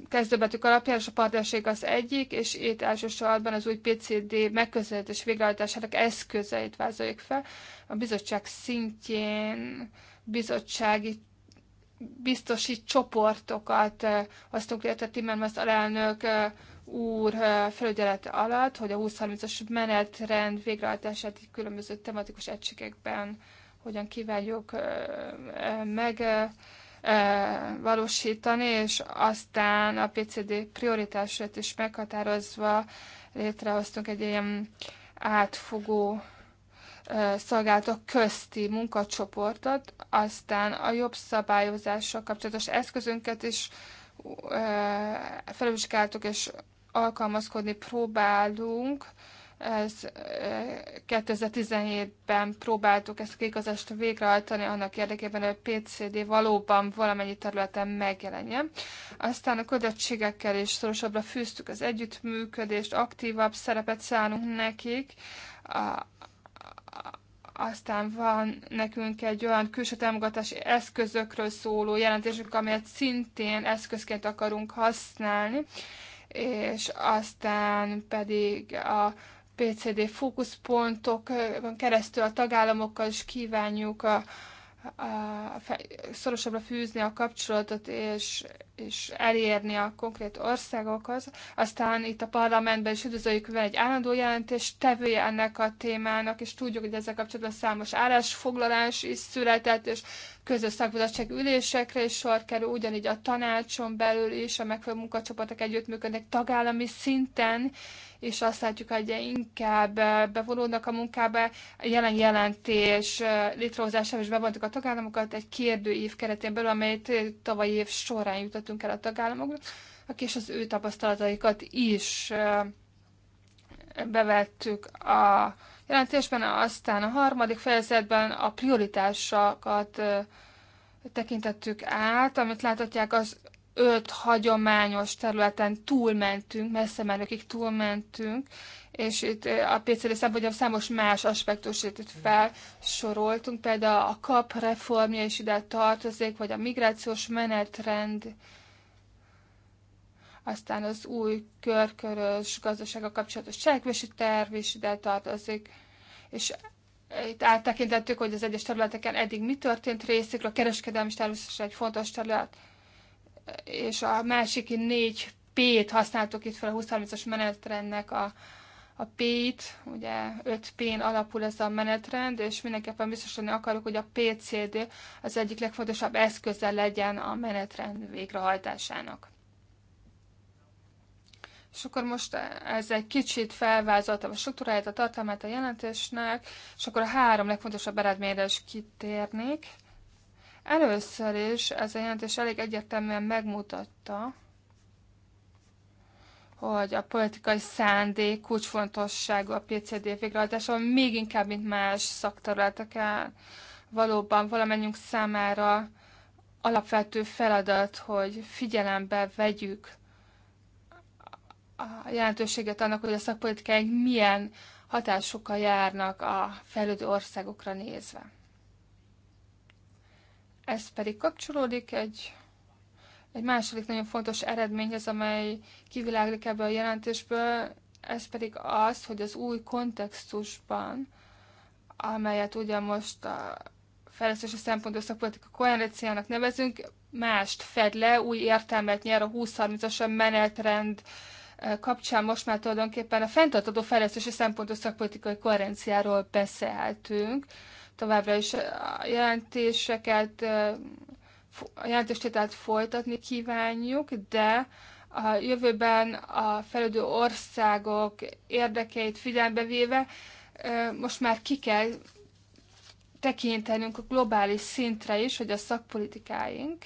kezdőbetűk alapján, és a partnerség az egyik, és itt elsősorban az új PCD megközelítés végrehajtásának eszközeit vázoljuk fel. A bizottság szintjén bizottsági biztosi csoportokat hoztunk létre Timmermans alelnök úr felügyelete alatt, hogy a 20-30-as menetrend végrehajtását különböző tematikus egységekben hogyan kívánjuk meg valósítani, és aztán a PCD prioritásait is meghatározva létrehoztunk egy ilyen átfogó szolgálatok közti munkacsoportot, aztán a jobb szabályozással kapcsolatos eszközünket is felvizsgáltuk és alkalmazkodni próbálunk. Ez 2017-ben próbáltuk ezt a kiigazást végrehajtani annak érdekében, hogy a PCD valóban valamennyi területen megjelenjen. Aztán a ködöttségekkel is szorosabbra fűztük az együttműködést, aktívabb szerepet szánunk nekik, aztán van nekünk egy olyan külső támogatási eszközökről szóló jelentésünk, amelyet szintén eszközként akarunk használni, és aztán pedig a PCD fókuszpontokon keresztül a tagállamokkal is kívánjuk a, szorosabbra fűzni a kapcsolatot és, és elérni a konkrét országokhoz. Aztán itt a parlamentben is üdvözöljük, vele egy állandó jelentés tevője ennek a témának, és tudjuk, hogy ezzel kapcsolatban számos állásfoglalás is született, és közös szakbizottság ülésekre is sor kerül, ugyanígy a tanácson belül is a megfelelő munkacsoportok együttműködnek tagállami szinten, és azt látjuk, hogy inkább eh, bevonódnak a munkába, jelen jelentés eh, létrehozásával is bevontak a tagállamokat egy év keretén belül, amelyet eh, tavalyi év során jutottunk el a tagállamoknak, és az ő tapasztalataikat is eh, bevettük a jelentésben, aztán a harmadik fejezetben a prioritásokat eh, tekintettük át, amit láthatják az öt hagyományos területen túlmentünk, messze menőkig túlmentünk, és itt a PCD szempontjából számos más aspektusét itt felsoroltunk, például a KAP reformja is ide tartozik, vagy a migrációs menetrend, aztán az új körkörös gazdasága kapcsolatos cselekvési terv is ide tartozik, és itt áttekintettük, hogy az egyes területeken eddig mi történt részükről, a kereskedelmi is egy fontos terület, és a másik négy P-t használtuk itt fel a 30 as menetrendnek a, a P-t, ugye 5P-n alapul ez a menetrend, és mindenképpen biztosítani akarok, hogy a PCD az egyik legfontosabb eszköze legyen a menetrend végrehajtásának. És akkor most eh, ez egy kicsit felvázoltam a struktúráját, a tartalmát a jelentésnek, és akkor a három legfontosabb eredményre is kitérnék. Először is ez a jelentés elég egyértelműen megmutatta, hogy a politikai szándék kulcsfontosságú a PCD végrehajtása, még inkább, mint más szakterületeken. Valóban valamennyünk számára alapvető feladat, hogy figyelembe vegyük a jelentőséget annak, hogy a szakpolitikáink milyen hatásokkal járnak a fejlődő országokra nézve. Ez pedig kapcsolódik egy egy második nagyon fontos eredmény az, amely kiviláglik ebből a jelentésből, ez pedig az, hogy az új kontextusban, amelyet ugye most a fejlesztési szempontból szakpolitika koherenciának nevezünk, mást fed le, új értelmet nyer a 20-30-as menetrend eh, kapcsán most már tulajdonképpen a fenntartató fejlesztési szempontos szakpolitikai koherenciáról beszélhetünk. Továbbra is eh, a jelentéseket eh, a jelentéstételt folytatni kívánjuk, de a jövőben a felődő országok érdekeit figyelembe véve most már ki kell tekintenünk a globális szintre is, hogy a szakpolitikáink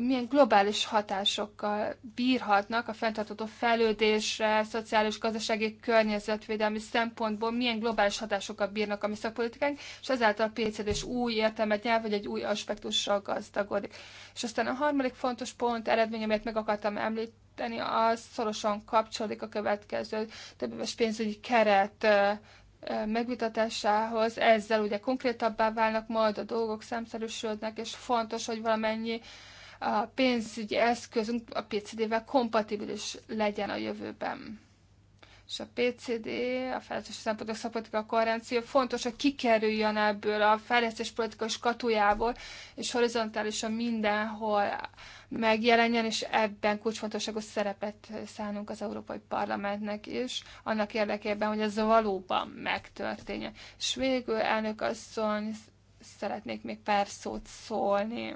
milyen globális hatásokkal bírhatnak a fenntartható fejlődésre, szociális, gazdasági, környezetvédelmi szempontból, milyen globális hatásokkal bírnak a mi szakpolitikánk, és ezáltal a PCD is új értelmet nyelv, vagy egy új aspektussal gazdagodik. És aztán a harmadik fontos pont, eredmény, amit meg akartam említeni, az szorosan kapcsolódik a következő több éves pénzügyi keret megvitatásához, ezzel ugye konkrétabbá válnak, majd a dolgok szemszerűsödnek, és fontos, hogy valamennyi uh, a pénzügyi eszközünk a PCD-vel kompatibilis legyen a jövőben. És a PCD, a fejlesztési szempontok szakpolitika koherencia fontos, hogy kikerüljön ebből a fejlesztés politikai skatujából, és horizontálisan mindenhol megjelenjen, és ebben kulcsfontosságú szerepet szánunk az Európai Parlamentnek is, annak érdekében, hogy ez valóban megtörténjen. És végül elnök asszony, szeretnék még pár szót szólni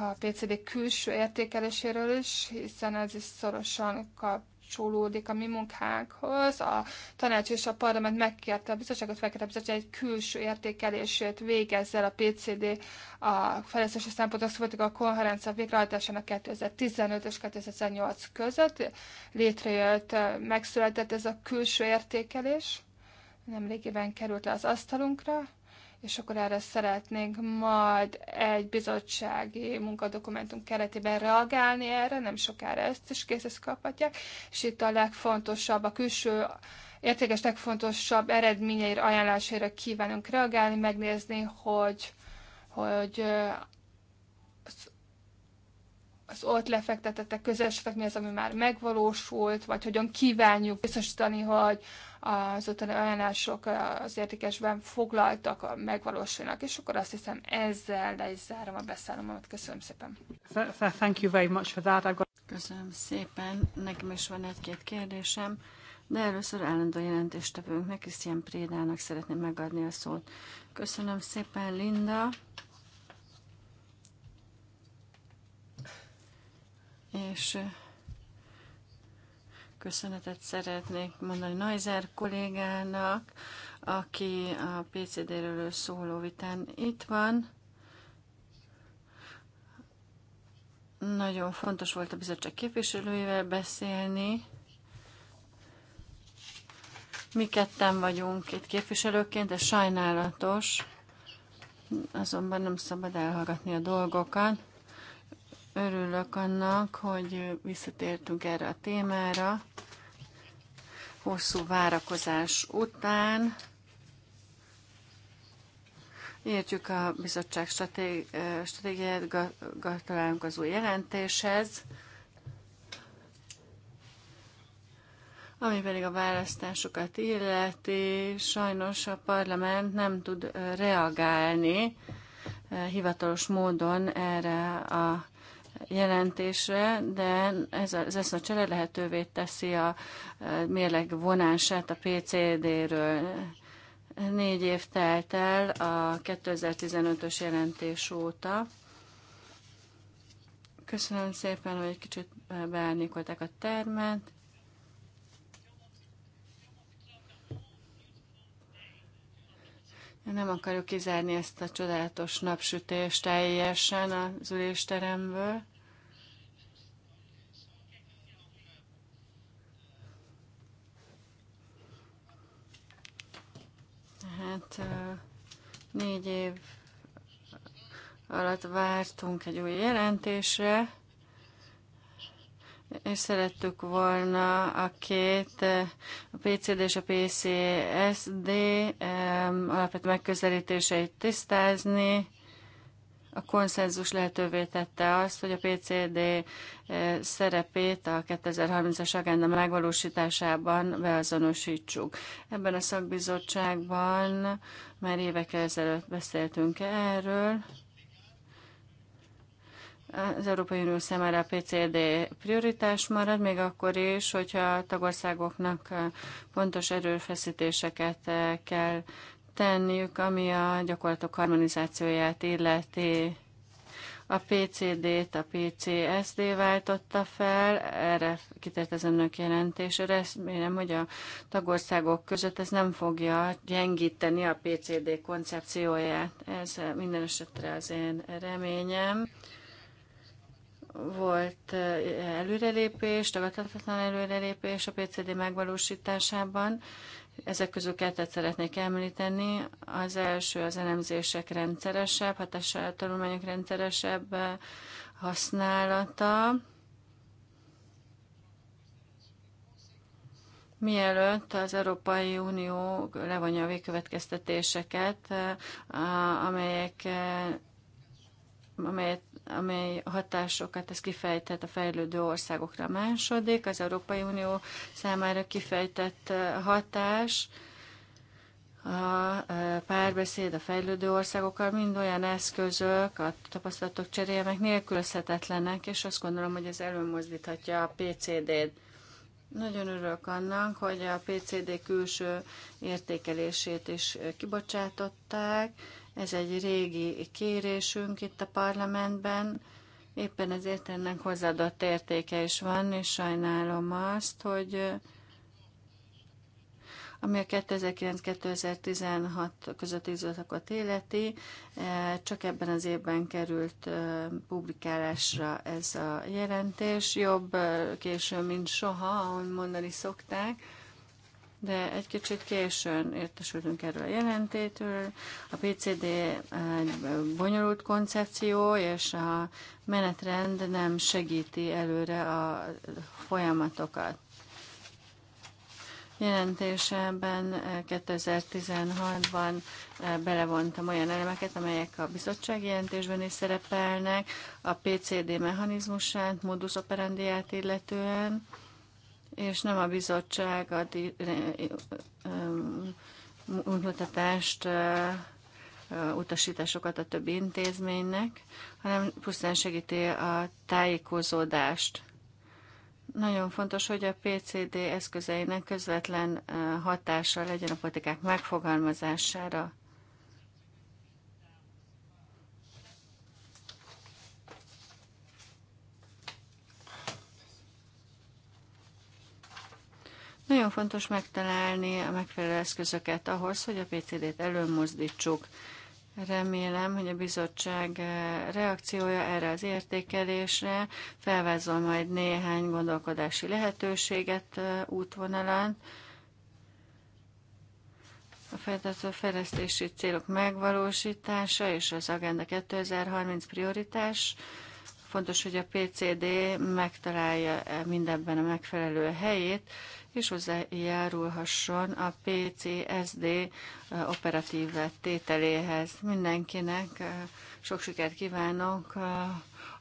a PCD külső értékeléséről is, hiszen ez is szorosan kapcsolódik a mi munkánkhoz. A tanács és a parlament megkérte a bizottságot, felkérte a bizottság egy külső értékelését végezzel a PCD a fejlesztési szempontok szóval a konferencia végrehajtásának 2015 és 2018 között. Létrejött, megszületett ez a külső értékelés. Nemrégiben került le az asztalunkra és akkor erre szeretnénk majd egy bizottsági munkadokumentum keretében reagálni erre, nem sokára ezt is készhez kaphatják, és itt a legfontosabb, a külső értékes legfontosabb eredményeire, ajánlásaira kívánunk reagálni, megnézni, hogy, hogy az ott lefektetettek közösségek, mi az, ami már megvalósult, vagy hogyan kívánjuk biztosítani, hogy az ottani ajánlások az értékesben foglaltak a megvalósulnak, és akkor azt hiszem ezzel le is zárom a beszállomat. Köszönöm szépen. Thank you very much for that. Got... Köszönöm szépen. Nekem is van egy-két kérdésem, de először állandó meg Krisztián Prédának szeretném megadni a szót. Köszönöm szépen, Linda. és köszönetet szeretnék mondani Najzer kollégának, aki a PCD-ről szóló vitán itt van. Nagyon fontos volt a bizottság képviselőivel beszélni. Mi ketten vagyunk itt képviselőként, ez sajnálatos, azonban nem szabad elhallgatni a dolgokat. Örülök annak, hogy visszatértünk erre a témára. Hosszú várakozás után értjük a bizottság stratégiáját, gratulálunk az új jelentéshez, ami pedig a választásokat illeti, sajnos a parlament nem tud reagálni hivatalos módon erre a jelentésre, de ez az a csere lehetővé teszi a mérleg vonását a PCD-ről. Négy év telt el a 2015-ös jelentés óta. Köszönöm szépen, hogy egy kicsit beárnyékolták a termet. Nem akarjuk kizárni ezt a csodálatos napsütést teljesen az ülésteremből. Hát négy év alatt vártunk egy új jelentésre, és szerettük volna a két, eh, a PCD és a PCSD alapvető megközelítéseit tisztázni. A konszenzus lehetővé tette azt, hogy a PCD eh, szerepét a 2030-as agenda megvalósításában beazonosítsuk. Ebben a szakbizottságban már évekkel ezelőtt beszéltünk erről, az Európai Unió számára a PCD prioritás marad, még akkor is, hogyha a tagországoknak pontos erőfeszítéseket kell tenniük, ami a gyakorlatok harmonizációját illeti. A PCD-t a PCSD váltotta fel, erre kitért az önök jelentésére, remélem, hogy a tagországok között ez nem fogja gyengíteni a PCD koncepcióját. Ez minden esetre az én reményem volt eh, előrelépés, tagadhatatlan előrelépés a PCD megvalósításában. Ezek közül kettőt szeretnék említeni. Az első az elemzések rendszeresebb, hatással tanulmányok rendszeresebb eh, használata. mielőtt az Európai Unió levonja a végkövetkeztetéseket, eh, amelyek amelyet amely hatásokat ez kifejtett a fejlődő országokra. A második, az Európai Unió számára kifejtett hatás, a párbeszéd a fejlődő országokkal mind olyan eszközök, a tapasztalatok cseréjének nélkülözhetetlenek, és azt gondolom, hogy ez előmozdíthatja a PCD-t. Nagyon örülök annak, hogy a PCD külső értékelését is kibocsátották, ez egy régi kérésünk itt a parlamentben, éppen ezért ennek hozzáadott értéke is van, és sajnálom azt, hogy ami a 2009-2016 közötti időszakot életi, csak ebben az évben került publikálásra ez a jelentés. Jobb később, mint soha, ahogy mondani szokták de egy kicsit későn értesültünk erről a jelentétől. A PCD egy bonyolult koncepció, és a menetrend nem segíti előre a folyamatokat. Jelentésében 2016-ban eh, belevontam olyan elemeket, amelyek a bizottsági jelentésben is szerepelnek, a PCD mechanizmusát, modus operandiát illetően és nem a bizottság a útmutatást, utasításokat a többi intézménynek, hanem pusztán segíti a tájékozódást. Nagyon fontos, hogy a PCD eszközeinek közvetlen hatása legyen a politikák megfogalmazására. Nagyon fontos megtalálni a megfelelő eszközöket ahhoz, hogy a PCD-t előmozdítsuk. Remélem, hogy a bizottság eh, reakciója erre az értékelésre felvázol majd néhány gondolkodási lehetőséget, eh, útvonalán. A fenntartó fejlesztési célok megvalósítása és az Agenda 2030 prioritás. Fontos, hogy a PCD megtalálja eh, mindebben a megfelelő helyét, és hozzájárulhasson a PCSD operatív tételéhez. Mindenkinek sok sikert kívánok,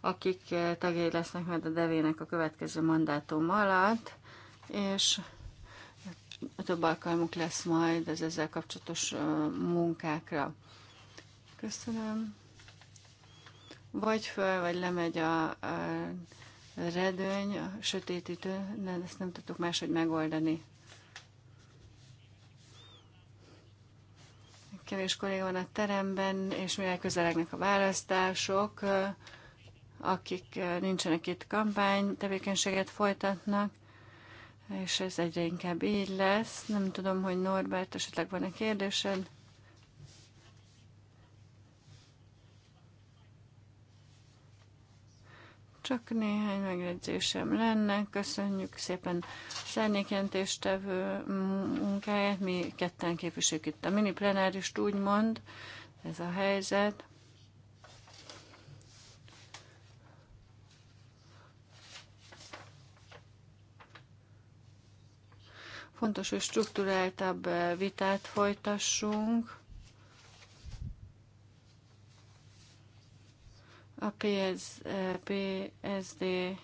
akik tagjai lesznek majd a devének a következő mandátum alatt, és több alkalmuk lesz majd az ezzel kapcsolatos munkákra. Köszönöm. Vagy föl, vagy lemegy a, a redőny, a sötétítő, de ezt nem tudtuk máshogy megoldani. Kevés kolléga van a teremben, és mivel közelegnek a választások, akik eh, nincsenek itt kampány tevékenységet folytatnak, és ez egyre inkább így lesz. Nem tudom, hogy Norbert, esetleg van-e kérdésed? Csak néhány megjegyzésem lenne. Köszönjük szépen szárnyékjelentéstevő munkáját. Mi ketten képviseljük itt a mini plenárist, úgymond ez a helyzet. Fontos, hogy struktúráltabb vitát folytassunk A PS, PSD eh,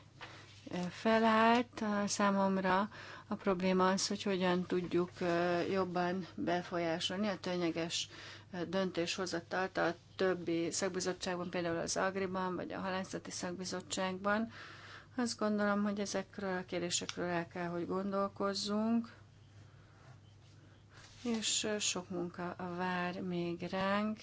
felállt. Számomra a probléma az, hogy hogyan tudjuk eh, jobban befolyásolni a tönyeges eh, döntéshozatalt a többi szakbizottságban, például az Agriban, vagy a Halászati Szakbizottságban. Azt gondolom, hogy ezekről a kérdésekről el kell, hogy gondolkozzunk, és sok munka vár még ránk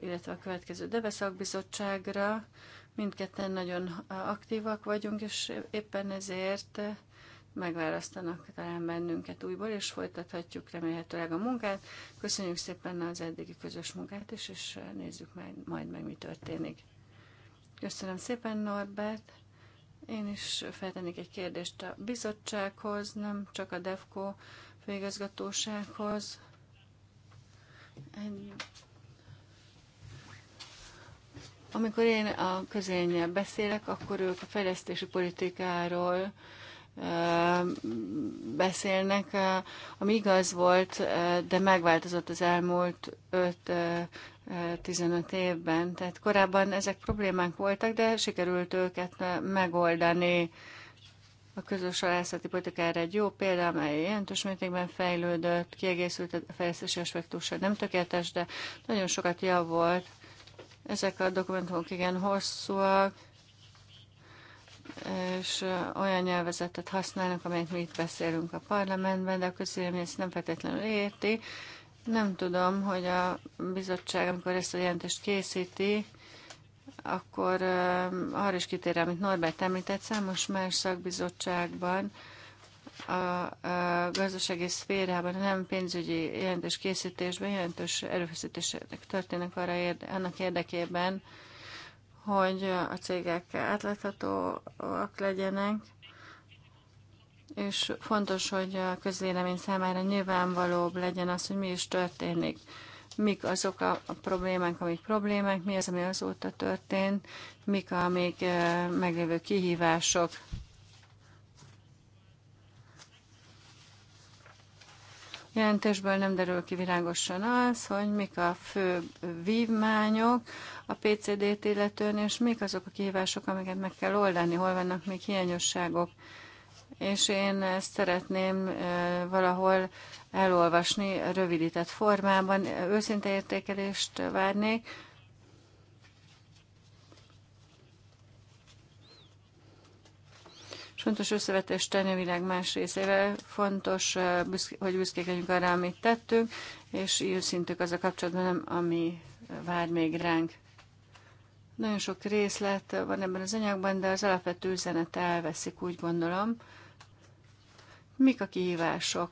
illetve a következő Deveszakbizottságra. Mindketten nagyon aktívak vagyunk, és éppen ezért megválasztanak talán bennünket újból, és folytathatjuk remélhetőleg a munkát. Köszönjük szépen az eddigi közös munkát is, és nézzük majd, majd meg, mi történik. Köszönöm szépen, Norbert. Én is feltennék egy kérdést a bizottsághoz, nem csak a DEFCO főigazgatósághoz. Ennyi. Amikor én a közénnyel beszélek, akkor ők a fejlesztési politikáról beszélnek, ami igaz volt, de megváltozott az elmúlt 5-15 évben. Tehát korábban ezek problémák voltak, de sikerült őket megoldani. A közös alászati politikára egy jó példa, amely jelentős mértékben fejlődött, kiegészült a fejlesztési aspektussal, nem tökéletes, de nagyon sokat javult. Ezek a dokumentumok igen hosszúak, és olyan nyelvezetet használnak, amelyet mi itt beszélünk a parlamentben, de a közélemény ezt nem feltétlenül érti. Nem tudom, hogy a bizottság, amikor ezt a jelentést készíti, akkor uh, arra is kitér, amit Norbert említett, számos más szakbizottságban a, gazdasági szférában, nem pénzügyi jelentős készítésben jelentős erőfeszítések történnek arra érde, annak érdekében, hogy a cégek átláthatóak legyenek, és fontos, hogy a közvélemény számára nyilvánvalóbb legyen az, hogy mi is történik. Mik azok a problémák, amik problémák, mi az, ami azóta történt, mik a még eh, meglévő kihívások. jelentésből nem derül ki világosan az, hogy mik a fő vívmányok a PCD-t illetően, és mik azok a kihívások, amiket meg kell oldani, hol vannak még hiányosságok. És én ezt szeretném valahol elolvasni rövidített formában. Őszinte értékelést várnék, és fontos összevetést tenni a világ más részével. Fontos, hogy büszkék legyünk arra, amit tettünk, és őszintük az a kapcsolatban, ami vár még ránk. Nagyon sok részlet van ebben az anyagban, de az alapvető üzenet elveszik, úgy gondolom. Mik a kihívások,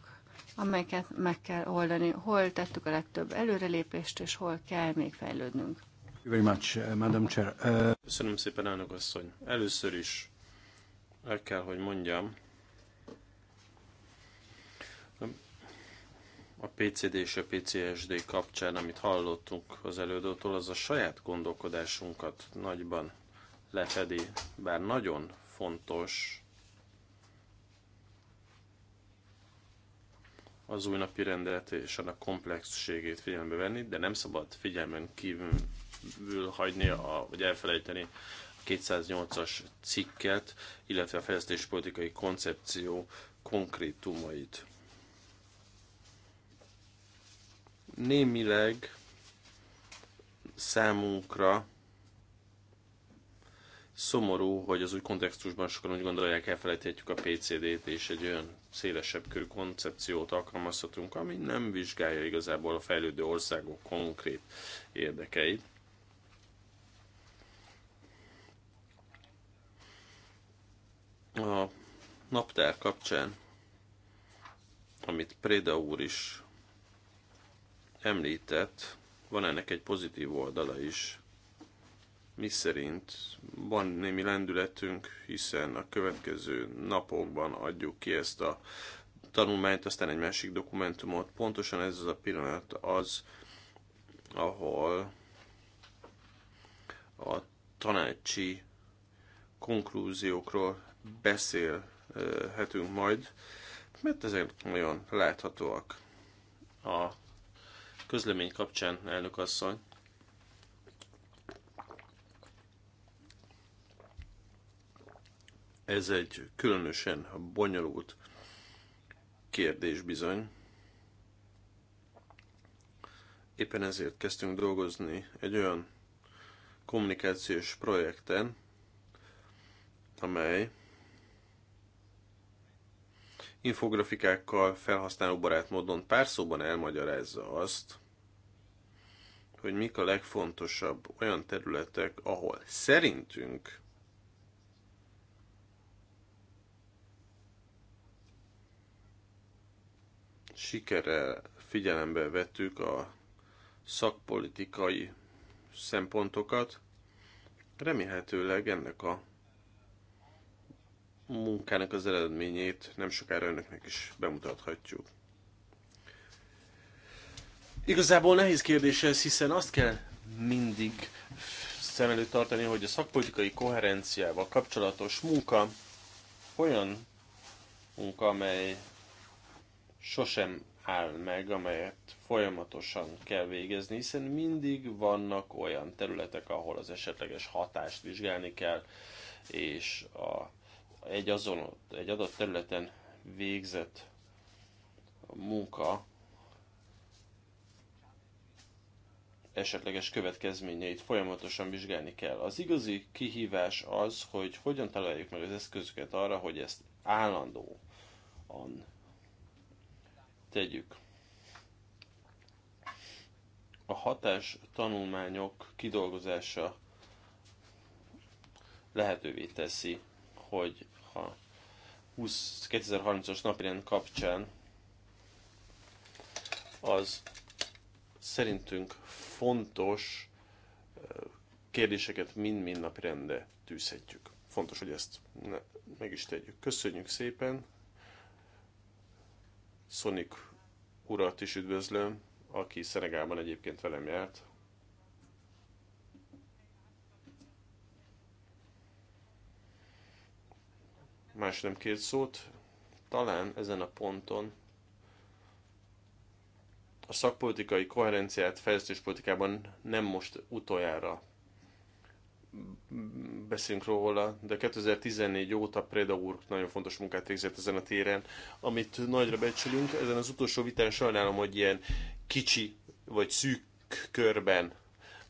amelyeket meg kell oldani? Hol tettük a legtöbb előrelépést, és hol kell még fejlődnünk? Uh, uh, Köszönöm szépen, elnök asszony. Először is el kell, hogy mondjam, a PCD és a PCSD kapcsán, amit hallottunk az előadótól, az a saját gondolkodásunkat nagyban lefedi, bár nagyon fontos az új napi rendelet és annak komplexségét figyelembe venni, de nem szabad figyelmen kívül hagyni, a, vagy elfelejteni 208-as cikket, illetve a fejlesztéspolitikai koncepció konkrétumait. Némileg számunkra szomorú, hogy az új kontextusban sokan úgy gondolják, elfelejthetjük a PCD-t, és egy olyan szélesebb körű koncepciót alkalmazhatunk, ami nem vizsgálja igazából a fejlődő országok konkrét érdekeit. A naptár kapcsán, amit Préda úr is említett, van ennek egy pozitív oldala is, mi szerint van némi lendületünk, hiszen a következő napokban adjuk ki ezt a tanulmányt, aztán egy másik dokumentumot. Pontosan ez az a pillanat az, ahol a tanácsi konklúziókról beszélhetünk majd, mert ezek nagyon láthatóak a közlemény kapcsán, elnök asszony. Ez egy különösen bonyolult kérdés bizony. Éppen ezért kezdtünk dolgozni egy olyan kommunikációs projekten, amely infografikákkal felhasználóbarát módon pár szóban elmagyarázza azt, hogy mik a legfontosabb olyan területek, ahol szerintünk sikerrel figyelembe vettük a szakpolitikai szempontokat. Remélhetőleg ennek a munkának az eredményét nem sokára önöknek is bemutathatjuk. Igazából nehéz kérdés ez, hiszen azt kell mindig szem előtt tartani, hogy a szakpolitikai koherenciával kapcsolatos munka olyan munka, amely sosem áll meg, amelyet folyamatosan kell végezni, hiszen mindig vannak olyan területek, ahol az esetleges hatást vizsgálni kell, és a egy azon, egy adott területen végzett munka esetleges következményeit folyamatosan vizsgálni kell. Az igazi kihívás az, hogy hogyan találjuk meg az eszközöket arra, hogy ezt állandóan tegyük. A hatás tanulmányok kidolgozása lehetővé teszi, hogy 2030-as napirend kapcsán az szerintünk fontos kérdéseket mind-mind napirendre tűzhetjük. Fontos, hogy ezt meg is tegyük. Köszönjük szépen! Sonic urat is üdvözlöm, aki Szenegában egyébként velem járt. más nem kért szót. Talán ezen a ponton a szakpolitikai koherenciát fejlesztéspolitikában nem most utoljára beszélünk róla, de 2014 óta Preda úr nagyon fontos munkát végzett ezen a téren, amit nagyra becsülünk. Ezen az utolsó vitán sajnálom, hogy ilyen kicsi vagy szűk körben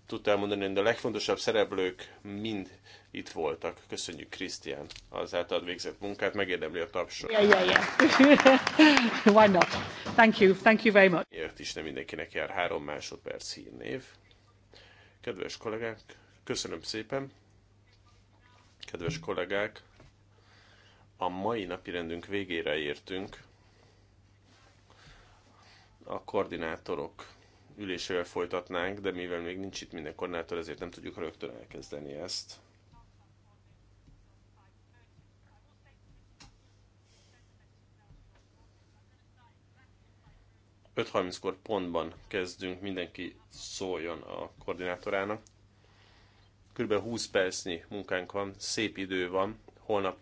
tudta elmondani, hogy a legfontosabb szereplők mind itt voltak. Köszönjük, Krisztián, az által végzett munkát, megérdemli a tapsot. Yeah, yeah, yeah. Why not? Thank you, thank you very much. Ért is nem mindenkinek jár három másodperc hírnév. Kedves kollégák, köszönöm szépen. Kedves kollégák, a mai napi rendünk végére értünk. A koordinátorok ülésével folytatnánk, de mivel még nincs itt minden koordinátor, ezért nem tudjuk rögtön elkezdeni ezt. kor pontban kezdünk, mindenki szóljon a koordinátorának. Körülbelül 20 percnyi munkánk van, szép idő van, holnap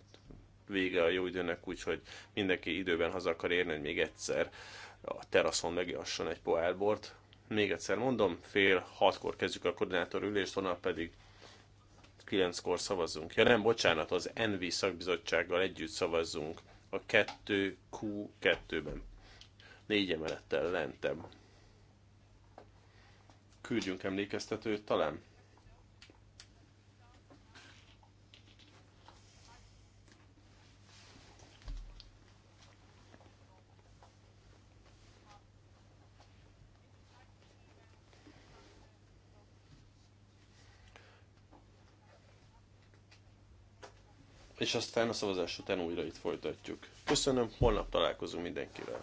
vége a jó időnek, úgyhogy mindenki időben haza akar érni, hogy még egyszer a teraszon megjasson egy pohár még egyszer mondom, fél hatkor kezdjük a koordinátor ülést, honnan pedig kilenckor szavazzunk. Ja nem, bocsánat, az NV szakbizottsággal együtt szavazzunk a 2Q2-ben. Négy emelettel lentebb. Küldjünk emlékeztetőt talán? és aztán a szavazás után újra itt folytatjuk. Köszönöm, holnap találkozunk mindenkivel.